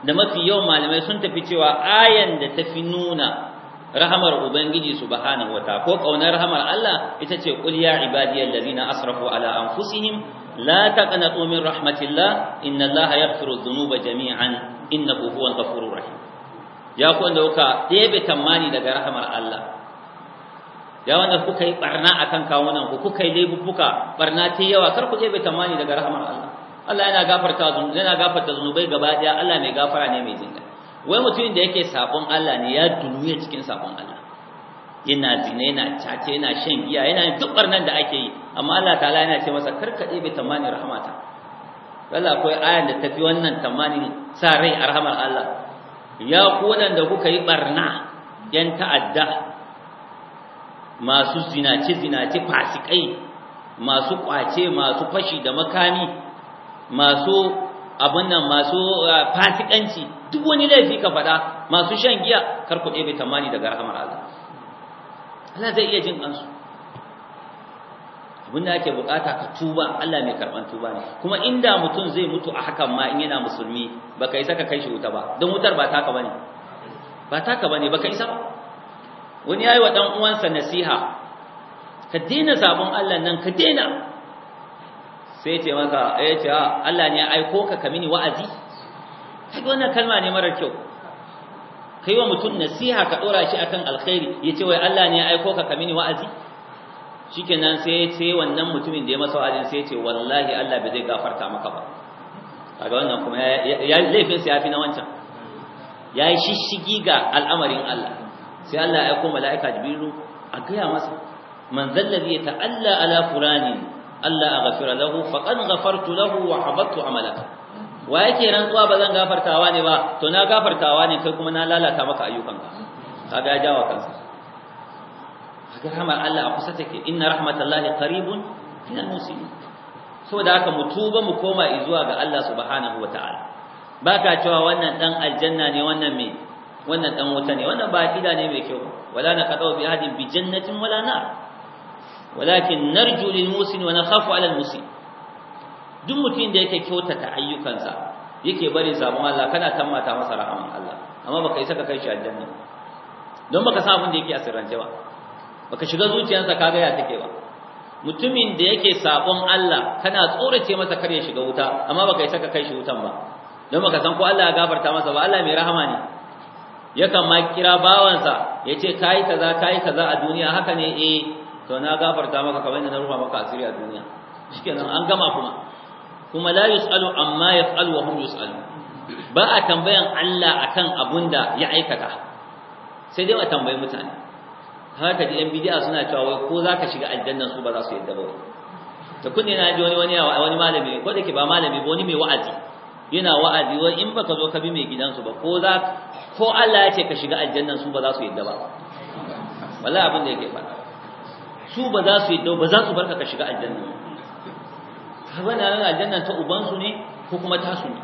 da mafi yawan malamai sun tafi cewa ayan da tafi nuna rahamar ubangiji subhanahu wataala ko kaunar rahamar Allah ita ce qul ya ibadiyal ladina asrafu ala anfusihim la taqnatu min rahmatillah Inna ya furu dhunuba jami'an innahu huwal furu rahim ya ku wanda kuka ɗebe tamani daga rahamar Allah ya wanda kuka yi a kan kawunan ku kuka yi laifuffuka barna ta yawa kar ku ɗebe tamani daga rahamar Allah Allah yana gafarta zunubai zunubai gaba ɗaya. Allah mai gafara ne mai jinka wai mutumin da yake sabon Allah ne ya dunuye cikin sabon Allah yana dina yana cace yana shan giya yana duk barnan da ake yi amma Allah ta'ala yana ce masa karkade bi tamani rahmata Allah akwai ayan da tafi wannan tamanin sa rai a rahamar Allah ya ku da kuka yi barna yan ta'adda masu zinace zinace fasikai masu kwace masu fashi da makami masu abin nan masu ah, fasikanci duk wani laifi ka faɗa masu shan giya kar ku bai tamani daga rahamar Allah Allah zai iya jin kansu abin da ake bukata ka tuba Allah mai karban tuba ne kuma inda mutum zai mutu a hakan ma in yana musulmi baka isa ka kai shi wuta ba don wutar ba taka bane ba taka bane baka isa ba wani yayi wa dan uwansa nasiha ka daina sabon Allah nan ka daina sai ce maka ya ce ah, Allah ne aiko ka ka mini wa'azi kaga wannan kalma ne mara kyau kai wa mutum nasiha ka dora shi akan alkhairi yace wai Allah ne ya aiko ka ka mini wa'azi shikenan sai sai wannan mutumin da ya masa wa'azin sai yace wallahi Allah bai zai gafarta maka ba kaga wannan kuma ya laifin sa yafi na wancan yayi shishigi ga al'amarin Allah sai Allah ya aiko mala'ika jibrilu a gaya masa man zallazi ta'alla ala fulanin Allah aghfira lahu faqad ghafartu lahu wa habattu amalaka wa yake rantsuwa ba zan gafartawa ne ba to na gafartawa ne kai kuma na lalata maka ayyukanka kaga ya jawa kansa kaga rahmar Allah a kusa take inna rahmatullahi qaribun min al-muslimin saboda haka mu tuba mu koma izuwa ga Allah subhanahu wataala baka cewa wannan dan aljanna ne wannan me wannan dan wuta ne wannan ba akida ne mai kyau wala na qadau bi hadin bi jannatin wala nar walakin narju lil musin wa nakhafu ala al musin duk mutum da yake kyautata ayyukansa yake bari sabon Allah kana tammata masa rahaman Allah amma baka isa ka kai shi aljanna don baka san abin da yake sirrance ba baka shiga zuciyarsa ga ya take ba mutumin da yake sabon Allah kana tsorace masa kar ya shiga wuta amma baka isa ka kai shi wutan ba don baka san ko Allah ya gafarta masa ba Allah mai rahama ne yakan ma kira bawansa ya ce yi kaza yi kaza a duniya haka ne eh to na gafarta maka kamar yadda na rufa maka asiri a duniya shikenan an gama kuma kuma la yusalu amma yasalu wa hum yusalu ba a tambayan Allah akan abun da ya aikata sai dai a tambayi mutane haka ji yan bid'a suna cewa wai ko zaka shiga aljanna su ba za su yadda ba ta kunne na ji wani wani wani malami ko da ke ba malami ba wani mai wa'azi yana wa'azi wai in baka zo ka bi mai gidansu ba ko za ko Allah ya ce ka shiga aljanna su ba za su yadda ba wallahi abin da yake faɗa su ba za su yadda ba za su barka ka shiga aljanna wannan nan aljanna ta su ne ko kuma su ne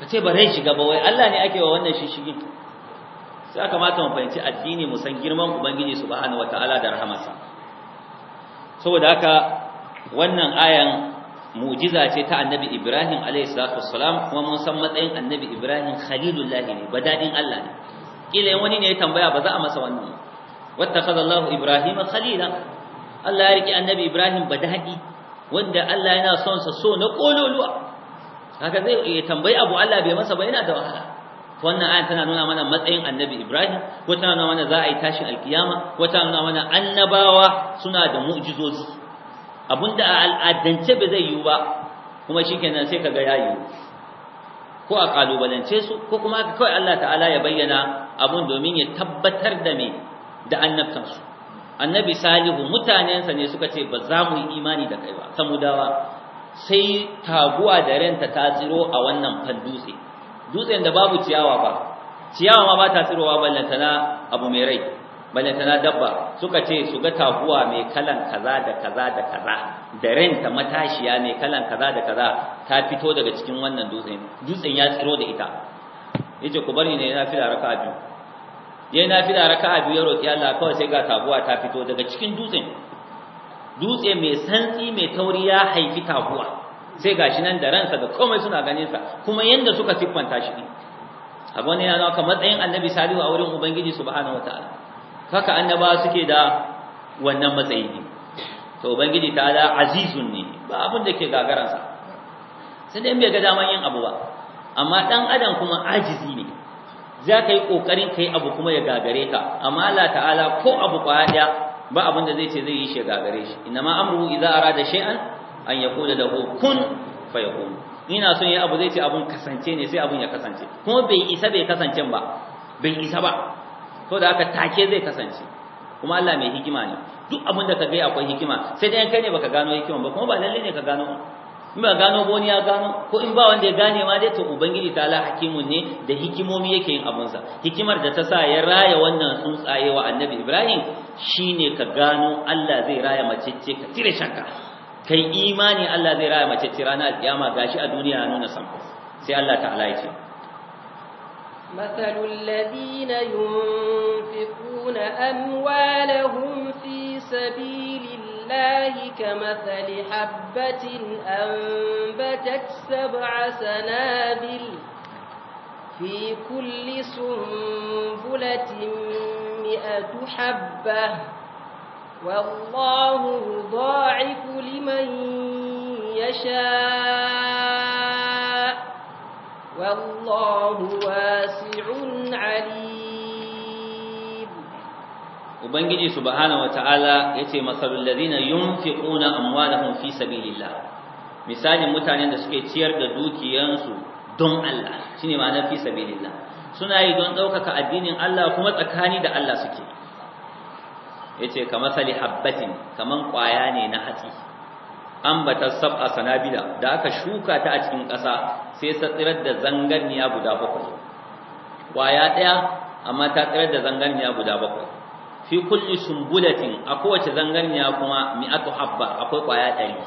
ka ce ba zai shiga ba wai Allah ne ake wa wannan shishigin sai aka mata mu fahimci addini mu san girman ubangiji subhanahu wataala da rahamarsa saboda haka wannan ayan mu'jiza ce ta annabi Ibrahim alayhi salatu wassalam kuma mun san matsayin annabi Ibrahim khalilullahi ne badadin Allah ne kila wani ne ya tambaya ba za a masa wannan wattakhadha Allahu Ibrahima khalila Allah ya rike annabi Ibrahim badadi wanda Allah yana son sa so na kololuwa haka zai tambayi abu Allah bai masa ba yana da wahala wannan ayan tana nuna mana matsayin annabi Ibrahim ko tana nuna mana za a yi tashin alkiyama ko tana nuna mana annabawa suna da mu'jizozi abinda a al'adance ba zai yiwu ba kuma shikenan sai kaga ya yiwu ko a kalubalance su ko kuma haka kawai Allah ta'ala ya bayyana abun domin ya tabbatar da me da annabtansu annabi salihu mutanensa ne suka ce ba za mu yi imani da kai ba samudawa sai taguwa da ranta ta tsiro a wannan fan dutse dutsen da babu ciyawa ba ciyawa ma ba ta tsirowa ballantana abu mai rai ballantana dabba suka ce su ga taguwa mai kalan kaza da kaza da kaza da ranta matashiya mai kalan kaza da kaza ta fito daga cikin wannan dutsen dutsen ya tsiro da ita yace ku bari ne na fi da raka'a biyu da nafila raka'a biyu ya roki Allah kawai sai ga taguwa ta fito daga cikin dutsen dutse mai santsi mai tauri ya haifi taguwa sai gashi nan da ransa da komai suna ganin sa kuma yanda suka siffanta shi abu ne yana ka matsayin annabi salihu a wurin ubangiji subhanahu wataala haka annaba suke da wannan matsayi ne to ubangiji ta'ala azizun ne ba abin da ke gagaransa sai dai bai ga daman yin abu ba amma dan adam kuma ajizi ne za ka yi ƙoƙarin ka yi abu kuma ya gagare ka amma Allah ta'ala ko abu kwaya ɗaya ba abin da zai ce zai yi shi ya gagare shi inna ma amruhu idza arada shay'an an yaqula lahu kun fayakun ina son yi abu zai ce abun kasance ne sai abun ya kasance kuma bai isa bai kasance ba bai isa ba ko da haka take zai kasance kuma Allah mai hikima ne duk abin da ka ga akwai hikima sai dai kai ne baka gano hikima ba kuma ba lalle ne ka gano in ba gano ba wani ya gano ko in ba wanda ya gane ma dai to ubangiji ta ala hakimun ne da hikimomi yake yin abunsa hikimar da ta sa ya raya wannan tsuntsaye wa annabi ibrahim shine ka gano allah zai raya macece ka cire shakka kai imani allah zai raya macece ranar alkiyama gashi a duniya ya nuna samfo sai allah ta'ala ya ce مثل الذين ينفقون أموالهم في سبيل الله كمثل حبة أنبتت سبع سنابل في كل سنبلة مئة حبة والله يضاعف لمن يشاء والله واسع عليم ubangiji subhanahu wataala yace masalul ladina yunfiquna amwalahum fi sabilillah misalin mutanen da suke ciyar da dukiyansu don Allah shine ma'ana fi sabilillah suna yi don daukaka addinin Allah kuma tsakani da Allah suke yace kamar sali habbatin kaman kwaya ne na hatsi ambata sab'a sanabila da aka shuka ta a cikin ƙasa sai ta tsirar da zangarniya guda bakwai kwaya ɗaya amma ta tsirar da zangarniya guda bakwai fi kulli sumbulatin a kowace zangarniya kuma mi'atu habba akwai kwaya ɗari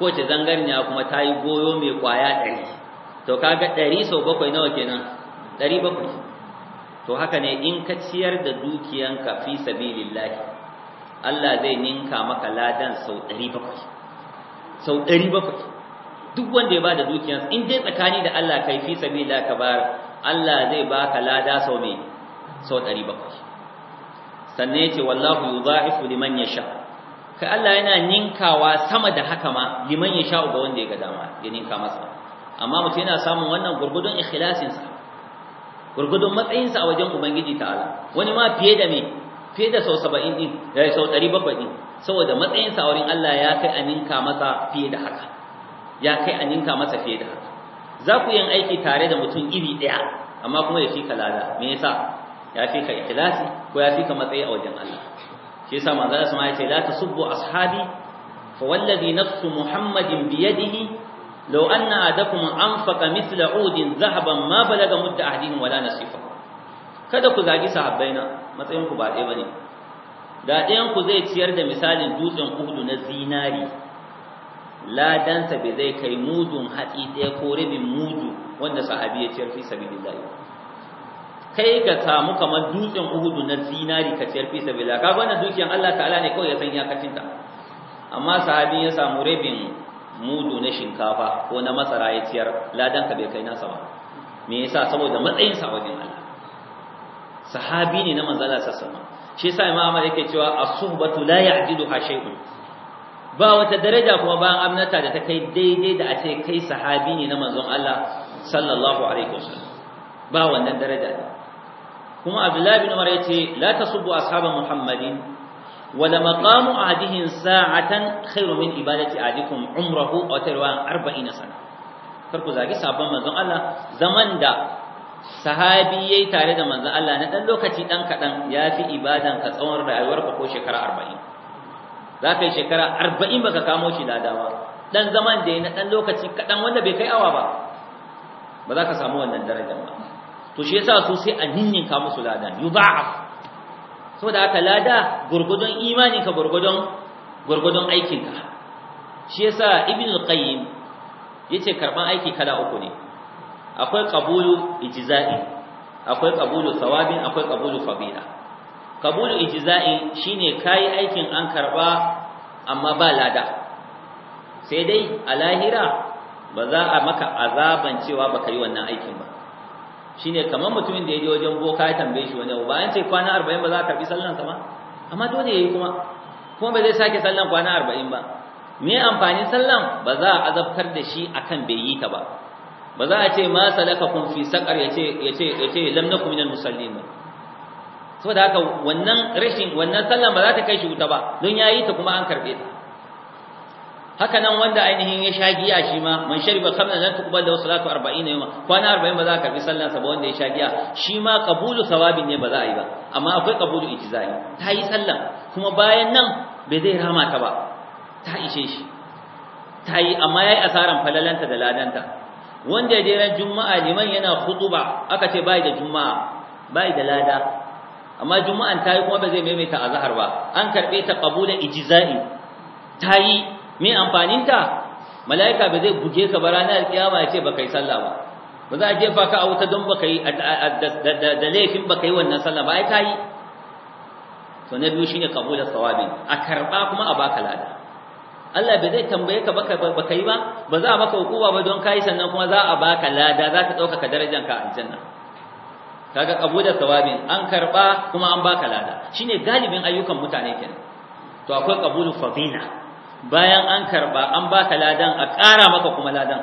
kowace zangarniya kuma ta yi goyo mai kwaya ɗari to kaga ɗari sau bakwai nawa kenan ɗari bakwai to haka ne in ka ciyar da dukiyanka fi sabilillahi Allah zai ninka maka ladan sau ɗari bakwai sau ɗari bakwai duk wanda ya bada dukiyansa in dai tsakani da Allah kai fi sabilillah ka bar Allah zai baka lada sau mai sau ɗari bakwai sannan yace wallahu yudha'ifu liman yasha kai Allah yana ninkawa sama da haka ma liman yasha ga wanda ya ga dama ya ninka masa amma mutum yana samun wannan gurgudun ikhlasin sa gurgudun matsayin sa a wajen ubangiji ta'ala wani ma fiye da me fiye da sau 70 din da sau 700 din saboda matsayin sa wurin Allah ya kai a ninka masa fiye da haka ya kai a ninka masa fiye da haka za ku yin aiki tare da mutum iri daya amma kuma ya fi kalada me yasa ya fi ka ikhlasi ko ya fi ka matsayi a wajen Allah shi yasa manzo Allah sama ya ce la tasubbu ashabi fa wallazi nafsu muhammadin bi yadihi law anna adakum anfaqa mithla udin zahaban ma balaga mudda ahdihim wala nasifa kada ku zagi sahabbaina matsayin ku ba ɗaya bane da ɗayan ku zai ciyar da misalin dutsen Uhud na zinari ladansa bai zai kai mudun hatsi ɗaya ko rabin mudu wanda sahabi ya ciyar fi sabilillah kai ka samu kamar dutsen uhudu na zinari ka ciyar fi sabila ka wannan dukiyan Allah ta'ala ne kawai ya san iyakacin ta amma sahabi ya samu rabin mudu na shinkafa ko na masara ya ciyar ladan ka bai kai nasa ba me yasa saboda matsayin sa wajen Allah sahabi ne na manzala sassama shi yasa imam Ahmad yake cewa as-suhbatu la ya'jiduha shay'un ba wata daraja kuma bayan amnata da ta kai daidai da a ce kai sahabi ne na manzon Allah sallallahu alaihi wasallam ba wannan daraja ne. kuma abdullahi bin umar yace la tasubbu ashaban muhammadin wala maqamu ahadihim sa'atan khairu min ibadati ahadikum umrahu aw tarwan 40 sana kar ku zagi sabon manzon Allah zaman da sahabi yayi tare da manzon Allah na dan lokaci dan kadan yafi ibadan ka tsawon rayuwar ka ko shekara 40 za ka yi shekara 40 baka kamo shi ladawa dan zaman da yayi na dan lokaci kadan wanda bai kai awa ba ba za ka samu wannan darajar ba to shi yasa su sai a ka musu ladan yudha'af saboda haka lada gurgudun imanin ka gurgudun gurgudun aikin ka shi yasa ibn al-qayyim yace karban aiki kala uku ne akwai qabulu ijza'i akwai qabulu thawabin akwai qabulu fadila qabulu ijza'i shine kai aikin an karba amma ba lada sai dai a lahira ba za a maka azaban cewa baka yi wannan aikin ba shine kamar mutumin da ya je wajen boka ya tambaye shi wani bayan ce kwana arba'in ba za ka karbi sallan sa ba amma dole yayi kuma kuma ba zai sake sallan kwana arba'in ba me amfanin sallan ba za a azabtar da shi akan bai yi ta ba ba za a ce ma kun fi saqar yace yace yace lam nakum minal musallin saboda haka wannan rashin wannan sallan ba za ta kai shi wuta ba don yayi ta kuma an karbe ta haka nan wanda ainihin ya sha giya shi ma man shariba khamran zan tuqbal lahu salatu 40 yawma kwana 40 ba za ka karbi sallan sa ba wanda ya sha giya shi ma qabulu thawabin ne ba za a yi ba amma akwai qabulu ijzai ta yi sallan kuma bayan nan bai zai rama ta ba ta ishe shi ta yi amma yayi asaran falalanta da ladanta wanda ya dai juma'a liman yana khutuba aka ce bai da juma'a bai da lada amma juma'an ta yi kuma ba zai maimaita azhar ba an karbe ta qabula ijzai ta yi me amfaninta mala'ika ba zai buge ka ba ranar kiyama ya ce baka yi sallah ba ba za a jefa ka a wuta don baka yi da laifin baka yi wannan sallah ba ai ta yi to na biyu shine kabula sawabin a karba kuma a baka lada Allah bai zai tambaye ka baka baka yi ba ba za a maka hukuma ba don kai sannan kuma za a baka lada za ka dauka ka darajar ka aljanna kaga kabula sawabin an karba kuma an baka lada shine galibin ayyukan mutane kenan to akwai kabulu fadila bayan an karba an baka ladan a ƙara maka kuma ladan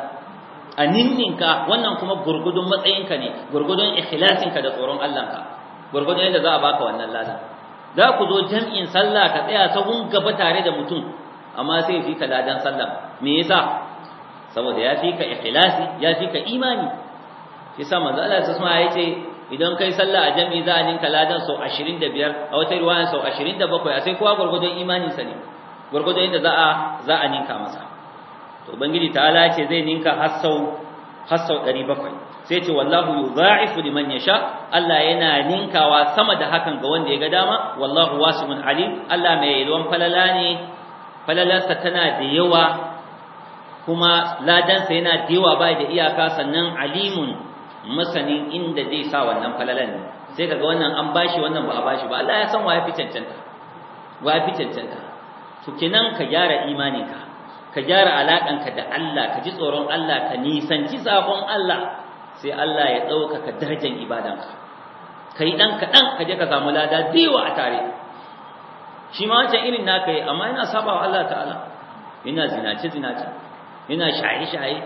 a ninninka wannan kuma gurgudun matsayinka ne gurgudun ikhlasinka da tsoron Allahnka gurgudun yadda za a baka wannan ladan za ku zo jam'in sallah ka tsaya sahun gaba tare da mutum amma sai fi ka ladan sallah me yasa saboda ya fi ka ikhlasi ya fi ka imani yasa manzo Allah ya ce idan kai sallah a jami'i za a ninka ladan sau 25 a wata riwaya sau 27 a sai kowa gurgudun imaninsa ne gurgudu inda za a za a ninka masa to ubangiji ta'ala ce zai ninka hassau sau 700 sai ce wallahu yudha'ifu liman yasha Allah yana ninkawa sama da hakan ga wanda ya ga dama wallahu wasi'un alim Allah mai yalwan falala ne sa tana da yawa kuma ladansa yana da yawa bai da iyaka sannan alimun masanin inda zai sa wannan falalan ne sai kaga wannan an bashi wannan ba a bashi ba Allah ya san wa ya fi cancanta wa ya fi cancanta so kenan ka gyara imaninka ka gyara alaƙanka da Allah ka ji tsoron Allah ka nisanci sabon Allah sai Allah ya ɗaukaka darajar ibadanka ka yi ɗan kaɗan ka je ka samu lada diwa a tare shi ma wancan irin naka yi amma yana saba wa Allah ta'ala yana zinace zinace yana shaye shaye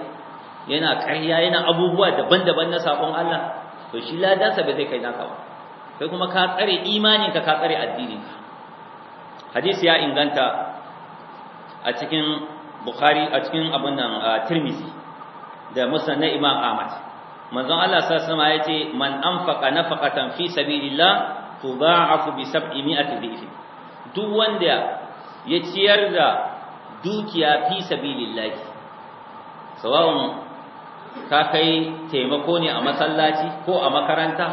yana ƙarya yana abubuwa daban-daban na sabon Allah to shi ladansa ba zai kai naka ba kai kuma ka tsare imaninka ka tsare addininka hadisi ya inganta a cikin bukhari a cikin abin nan tirmizi da musnad na imam ahmad manzon Allah sallallahu alaihi wasallam yace man anfaqa nafaqatan fi sabilillah tudha'afu bi mi'ati dhi'f duk wanda ya ciyar da dukiya fi sabilillah sawa'un ka kai taimako ne a masallaci ko a makaranta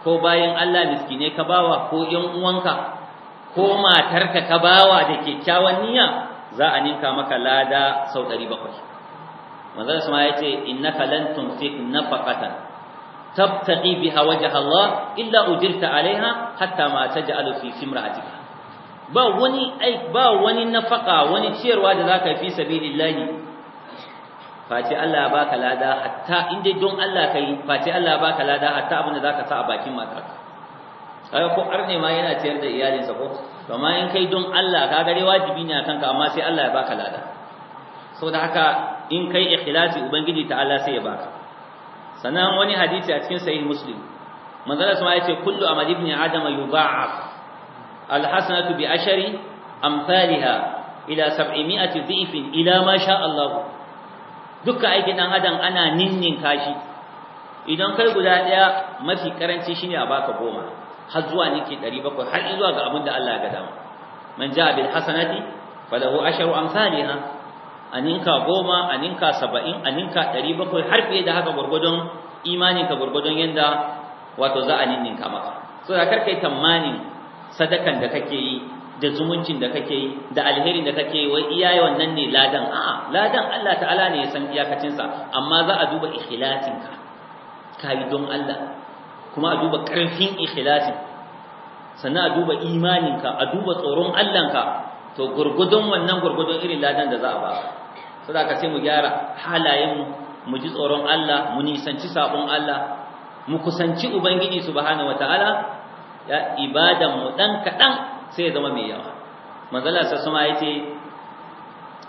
ko bayan Allah miskine ka bawa ko yan uwanka ko matarka ka bawa da kyakkyawan niyya za a ninka maka lada sau 700 manzon sama ya ce innaka lan tunfiq nafaqatan tabtaqi biha wajha Allah illa ujirta alaiha hatta ma taj'alu fi simra'atika ba wani ai ba wani nafaka wani ciyarwa da zaka fi sabilillahi face Allah ya baka lada hatta inda don Allah kai face Allah ya baka lada hatta abin da zaka sa a bakin matarka kaga ko arne ma yana ciyar da iyalinsa ko to amma in kai don Allah ka gare wajibi ne akan ka amma sai Allah ya baka lada da haka in kai ikhlasi ubangiji ta Allah sai ya baka sannan wani hadisi a cikin sahih muslim manzala sama yace kullu amali ibn adam yudha'af alhasanatu bi ashari amsalha ila 700 dhifin ila ma sha Allah dukkan aikin dan adam ana ninnin kashi idan kai guda daya mafi karanci shine a baka goma har zuwa ninki 700 har zuwa ga abin da Allah ya ga dama man ja'a bil hasanati falahu asharu amsalha aninka goma aninka 70 aninka 700 har fiye da haka gurgudun imanin ka gurgudun yanda wato za a ninninka maka so da karkai tamanin sadakan da kake yi da zumuncin da kake yi da alherin da kake yi wai iyaye wannan ne ladan a'a ladan Allah ta'ala ne ya san iyakacinsa amma za a duba ka kai don Allah kuma a duba ƙarfin ikhlasin sannan a duba imaninka a duba tsoron Allahnka to gurgudun wannan gurgudun irin ladan da za a ba saboda sai mu gyara halayen mu ji tsoron Allah mu nisanci sabon Allah mu kusanci ubangiji subhanahu wataala ya ibadan mu dan kadan sai ya zama mai yawa manzala sassuma yace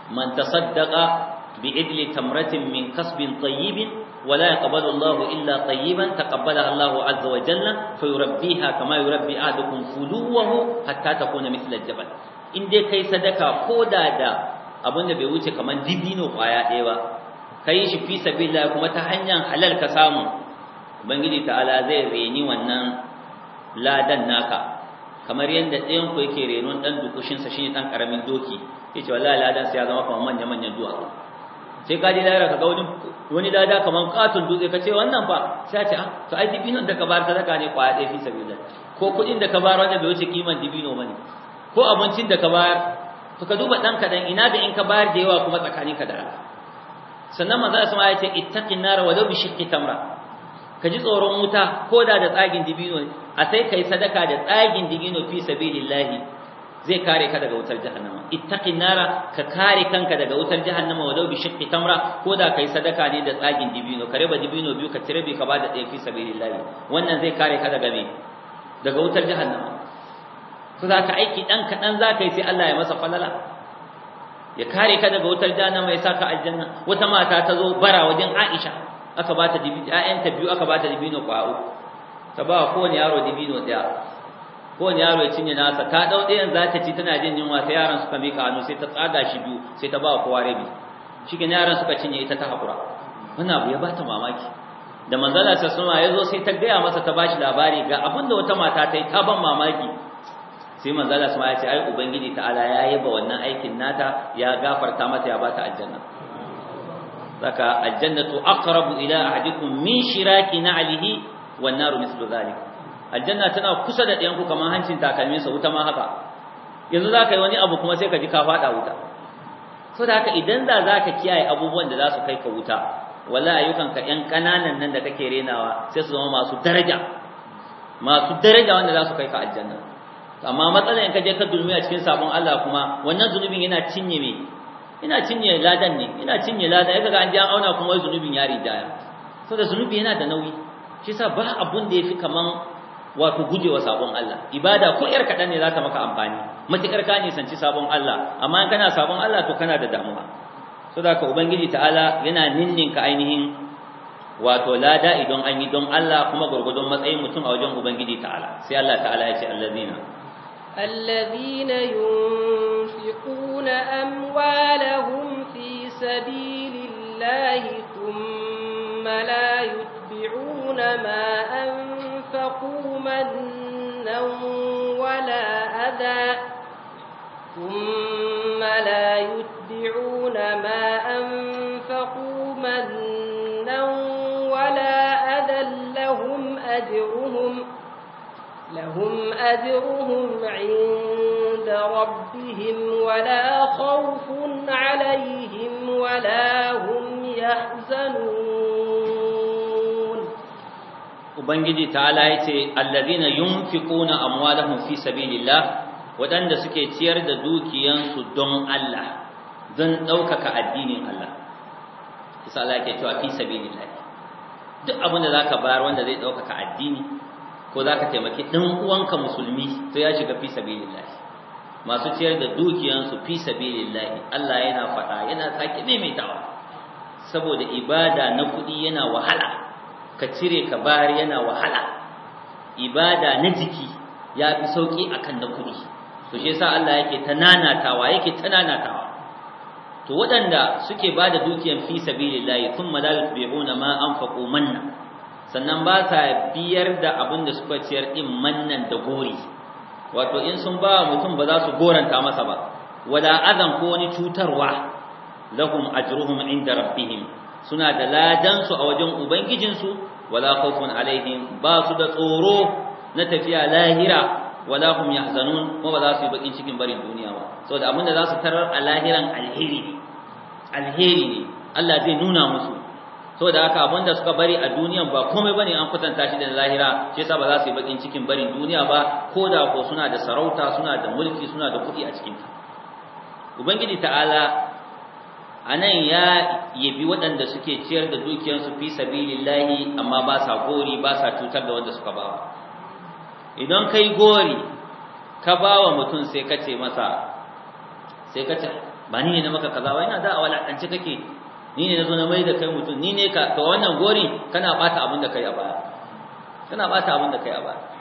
man tasaddaqa bi idli tamratin min kasbin tayyibin ولا يقبل الله إلا طيبا تقبلها الله عز وجل فيربيها كما يربي أحدكم فلوه حتى تكون مثل الجبل in dai kai sadaka ko da da abin da bai wuce kamar dibino kwaya ɗaya ba ka yi shi fi sabila kuma ta hanyar halal ka samu ubangiji ta'ala zai reni wannan ladan naka kamar yadda ɗayan yake renon ɗan dukushinsa shine dan karamin doki yace wallahi ladan sai ya zama kamar manya-manyan duwatsu sai ka je lahira ka ga wani wani dada kaman katon dutse ka ce wannan fa sai ce ah to ai dibino da ka bar sadaka ne kwaya ɗaya fi sabila ko kuɗin da ka bar wanda bai wuce kiman dibino bane ko abincin da ka bar to ka duba dan kadan ina da in ka bar da yawa kuma tsakanin ka da sannan manzo sama ya ce ittaqin nar walau bi shiqqi tamra ka ji tsoron wuta ko da da tsagin dibino a sai kai sadaka da tsagin dibino fi sabilillahi zai kare ka daga wutar jahannama ittaqin nara ka kare kanka daga wutar jahannama walau bi shiqqi tamra ko da kai sadaka ne da tsagin dibino ka ba dibino biyu ka tirabe ka bada ɗaya fi sabilillah wannan zai kare ka daga me daga wutar jahannama ko za ka aiki dan kadan za ka yi sai Allah ya masa falala ya kare ka daga wutar jahannama ya saka aljanna wata mata ta zo bara wajen Aisha aka bata dibino ƴaƴanta biyu aka bata dibino kwa uku ta ba kowane yaro dibino ɗaya kowane yaro ya cinye nasa ta ɗau ɗayan za ta ci tana jin yunwa ta yaran suka mika hannu sai ta tsada shi biyu sai ta ba kowa rabi shigen yaran suka cinye ita ta haƙura, wannan abu ya ta mamaki da manzala ta suma ya zo sai ta gaya masa ta bashi labari ga abin da wata mata ta yi ta ban mamaki sai manzala suma ya ce ai ubangiji Ala ya yaba wannan aikin nata ya gafarta mata ya bata aljanna saka aljannatu aqrabu ila ahadikum min shiraki na'lihi wan naru mislu zalika aljanna tana kusa da ɗiyanku kamar hancin takalmin sa wuta ma haka yanzu za ka yi wani abu kuma sai ka ji ka faɗa wuta so da haka idan da za ka kiyaye abubuwan da za su kai ka wuta wala ka ƴan ƙananan nan da kake renawa sai su zama masu daraja masu daraja wanda za su kai ka aljanna amma matsalar in ka je ka dulmi a cikin sabon Allah kuma wannan zunubin yana cinye me ina cinye ladan ne ina cinye ladan ya kaga an ji an auna kuma zunubin ya rijaya so da zunubi yana da nauyi shi sa ba abun da ya fi kaman wato gujewa sabon Allah ibada ko yar kadan ne za ta maka amfani matukar ka ne sanci sabon Allah amma in kana sabon Allah to kana da damuwa saboda ubangiji ta'ala yana ninninka ainihin wato lada idan an yi don Allah kuma gurgudun matsayin mutum a wajen ubangiji ta'ala sai Allah ta'ala ya ce allazina الذين ينفقون أموالهم في سبيل الله ثم لا يتبعون ما ذاقوا ولا أذى ثم لا يتبعون ما أنفقوا منا ولا أذى لهم أجرهم لهم أجرهم عند ربهم ولا خوف عليهم ولا هم يحزنون ubangiji ta'ala yace allazina yunfiquna amwalahum fi sabilillah wadanda suke ciyar da dukiyansu don Allah don daukaka addinin Allah Kisa Allah yake cewa fi sabilillah duk abin da zaka bayar wanda zai daukaka addini ko zaka taimaki dan uwanka musulmi to ya shiga fi sabilillah masu ciyar da dukiyansu fi sabilillah Allah yana fada yana sake maimaitawa saboda ibada na kudi yana wahala ka cire ka bayar yana wahala ibada na jiki ya fi a akan na kuɗi to shi yasa Allah yake ta nanatawa yake ta nanatawa to waɗanda suke ba da dukiyan fi sun thumma la yutbi'una ma faƙo manna sannan ba sa biyar da abin da suka ciyar din mannan da gori wato in sun ba mutum ba za su goranta masa ba Wada azan ko wani cutarwa lahum ajruhum inda rabbihim suna da ladansu a wajen ubangijinsu wala khawfun alaihim ba su da tsoro na tafiya lahira wala hum yahzanun kuma ba za su yi bakin cikin barin duniya ba saboda abin da za su tarar a lahiran alheri ne alheri ne Allah zai nuna musu saboda haka abin da suka bari a duniyan ba komai bane an kwatanta shi da lahira shi yasa ba za su yi bakin cikin barin duniya ba ko da ko suna da sarauta suna da mulki suna da kuɗi a cikin ta ubangiji ta'ala anan ya yabi waɗanda suke ciyar da dukiyarsu fi sabilillahi amma ba sa gori ba sa cutar da wanda suka bawa idan kai gori ka bawa mutum sai ka ce masa sai ka ce ba ni ne na maka kaza ba ina da a walakance kake ni ne na zo na mai da kai mutum ni ne ka to wannan gori kana bata abin da kai a baya kana bata abin da kai a baya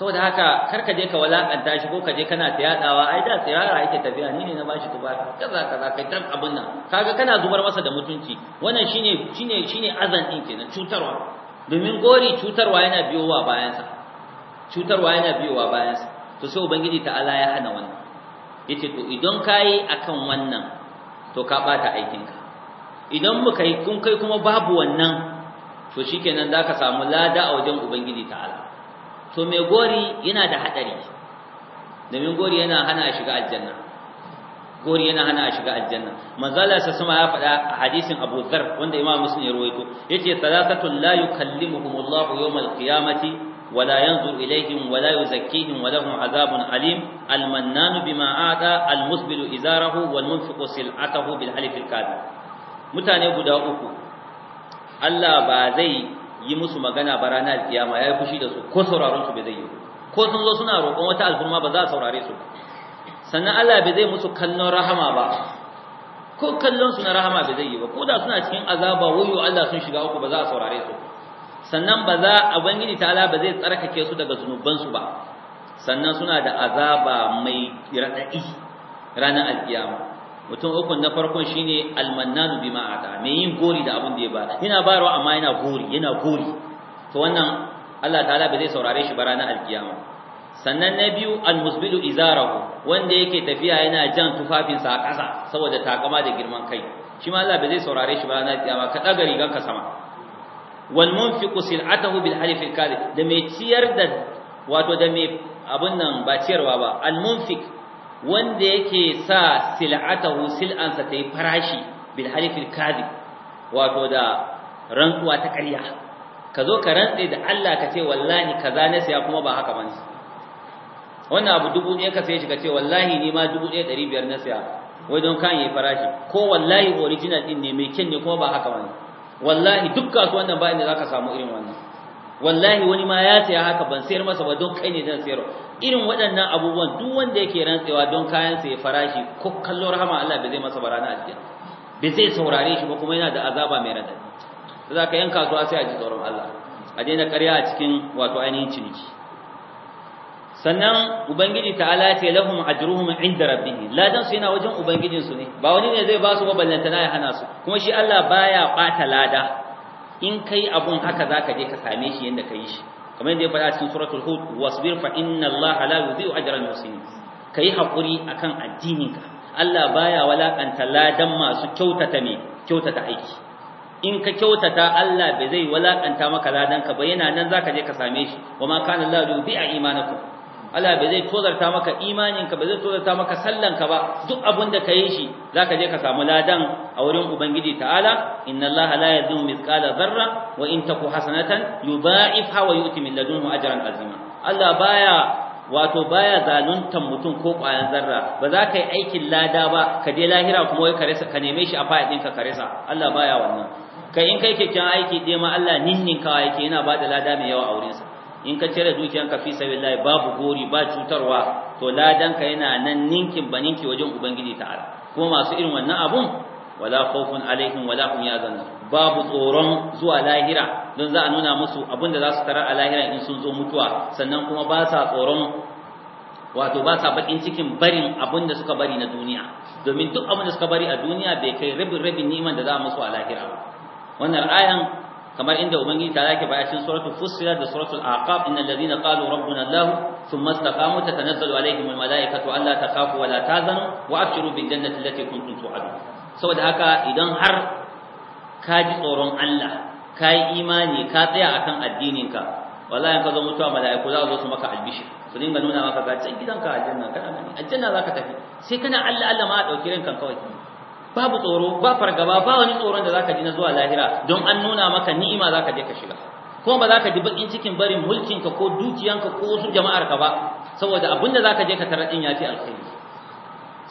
saboda haka kar ka je ka walakanta shi ko ka je kana tiyadawa ai da tsayara yake tafiya ni ne na bashi tuba kaza kaza kai tan abin nan kaga kana zubar masa da mutunci wannan shine shine shine azan din kenan cutarwa domin gori cutarwa yana biyowa bayansa cutarwa yana biyowa bayansa to sai ubangiji ta ala ya hana wannan yace to idan kai akan wannan to ka bata aikinka idan muka yi kun kai kuma babu wannan to shikenan zaka samu lada a wajen ubangiji ta'ala to mai gori yana da hadari domin gori yana hana shiga aljanna gori yana hana shiga aljanna manzala sa sama ya faɗa a hadisin Abu Dharr wanda Imam Muslim ya rawaito yace thalathatun la yukallimuhumullahu yawmal qiyamati ولا ينظر إليهم ولا يزكيهم ولهم عذاب أليم المنان بما أعطى المسبل إزاره والمنفق سلعته بالحلف الكاذب mutane guda uku Allah ba zai yi musu magana ba ranar kiyama yayi fushi da su ko sauraron su bai zai yi ko sun zo suna roƙon wata alfurma ba za a saurare su sannan Allah bai zai musu kallon rahama ba ko kallon su na rahama bai zai yi ba ko da suna cikin azaba wayo Allah sun shiga uku ba za a saurare su sannan ba za a ta Allah ba zai tsarkake su daga zunubansu ba sannan suna da azaba mai raɗaɗi ranar alkiyama mutum ukun na farkon shine almannanu bima ata Me yin gori da abin da ya ba yana bayarwa amma yana gori yana gori to wannan Allah ta'ala ba zai saurare shi ba ranar alkiyama sannan na biyu almusbilu izarahu wanda yake tafiya yana jan tufafinsa a ƙasa saboda takama da girman kai shi ma Allah bai saurare shi ba ranar alkiyama ka daga riganka sama wal munfiqu sil'atahu bil halif al kadhib da mai ciyar da wato da mai abun nan ba ciyarwa ba al munfiq wanda yake sa sil'atahu sil'ansa ta yi farashi bil halifil kadhib wato da rantsuwa ta ƙarya ka zo ka rantse da Allah ka ce wallahi kaza na siya kuma ba haka bane wannan abu dubu ɗaya ka sai shi ka ce wallahi ni ma dubu ɗaya ɗari biyar na siya wai don kan yi farashi ko wallahi original ɗin ne mai kyan ne kuma ba haka bane wallahi duk kasuwan nan ba inda zaka samu irin wannan wallahi wani ma ya saya haka ban sayar masa ba don kai ne zan sayar irin waɗannan abubuwan duk wanda yake rantsewa don kayan sa ya farashi ko kallon rahama Allah bai zai masa barana a cikin bai zai saurare shi ba kuma yana da azaba mai radadi za ka yanka zuwa sai a ji tsoron Allah a daina ƙarya a cikin wato ainihin ciniki sannan ubangiji ta'ala ya ce lahum ajruhum inda rabbih dan su yana wajen ubangijin su ne ba wani ne zai ba su ba ballantana ya hana su kuma shi Allah baya bata lada in kai abun haka zaka je ka same shi yadda ka yi shi kamar yadda ya faɗa cikin suratul hud wasbir fa inna allaha la yudhi'u ajra al-muhsinin kai hakuri akan addinin ka Allah baya walakanta ladan masu kyautata kyautata aiki in ka kyautata Allah bai zai walakanta maka ladan ka ba yana nan zaka je ka same shi wa ma kana Allah yudhi'a imanakum Allah bai zai tozarta maka imaninka bai zai tozarta maka sallanka ba duk abin da ka yi shi zaka je ka samu ladan a wurin ubangiji ta'ala inna Allah la yadhum mithqala dharra wa in taku hasanatan yudha'ifha wa yu'ti min ladunhu ajran azima Allah baya wato baya zaluntan mutum ko kwayan zarra ba za ka yi aikin lada ba ka je lahira kuma wai ka ka neme shi a fa'idin ka ka Allah baya wannan kai in kai kyakkyawan aiki ɗaya ma Allah ninninkawa yake yana ba da lada mai yawa a wurinsa in ka cire ka fi sabilillah babu gori ba cutarwa to ka yana nan ninkin baninki wajen ubangiji ta'ala kuma masu irin wannan abun wala khawfun alaihim wala hum yazanun babu tsoron zuwa lahira don za a nuna musu abinda za su tara a lahira in sun zo mutuwa sannan kuma ba sa tsoron wato ba sa bakin cikin barin abin da suka bari na duniya domin duk abin da suka bari a duniya bai kai rabin rabin niman da za musu a lahira ba wannan ayan kamar inda ubangiji ta yake baya cikin suratul fussilat da suratul aqab innal ladina qalu rabbuna allah thumma istaqamu tatanazzalu alaihim al malaikatu alla takhafu wa la tahzanu wa abshiru bil jannati allati kuntum tu'adun saboda haka idan har ka ji tsoron Allah ka yi imani ka tsaya akan addininka wallahi ka zo mutuwa mala'iku za su zo su maka albishir su dinga nuna maka ga can gidanka aljanna kana gani aljanna zaka tafi sai kana Allah Allah ma a dauki ranka kawai babu tsoro ba fargaba ba wani tsoron da zaka ji na zuwa lahira don an nuna maka ni'ima zaka je ka shiga kuma ba zaka ji bakin cikin barin mulkin ka ko dukiyanka ko wasu jama'ar ka ba saboda abinda zaka je ka tarar din yafi alkhairi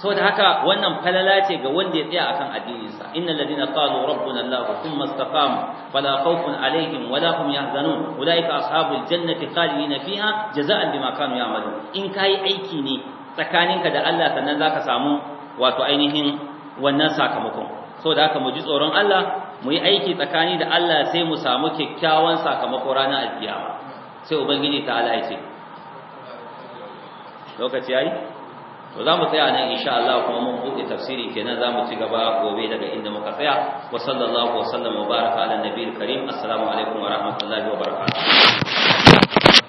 saboda haka wannan falala ce ga wanda ya tsaya akan addininsa innal ladina qalu rabbuna allah thumma istaqamu fala khawfun alaihim wala hum yahzanun ulaika ashabul jannati khalidina fiha jazaan bima kanu ya'malun in kai aiki ne tsakaninka da Allah sannan zaka samu wato ainihin wannan sakamakon saboda haka mu ji tsoron Allah mu yi aiki tsakani da Allah sai mu samu kyakkyawan sakamako ranar alkiyama sai ubangiji ta ala ya ce lokaci yayi to za mu tsaya nan insha Allah kuma mun buɗe tafsiri kenan za mu ci gaba gobe daga inda muka tsaya wa sallallahu wa sallam baraka ala nabiyil karim assalamu alaikum wa rahmatullahi wa barakatuh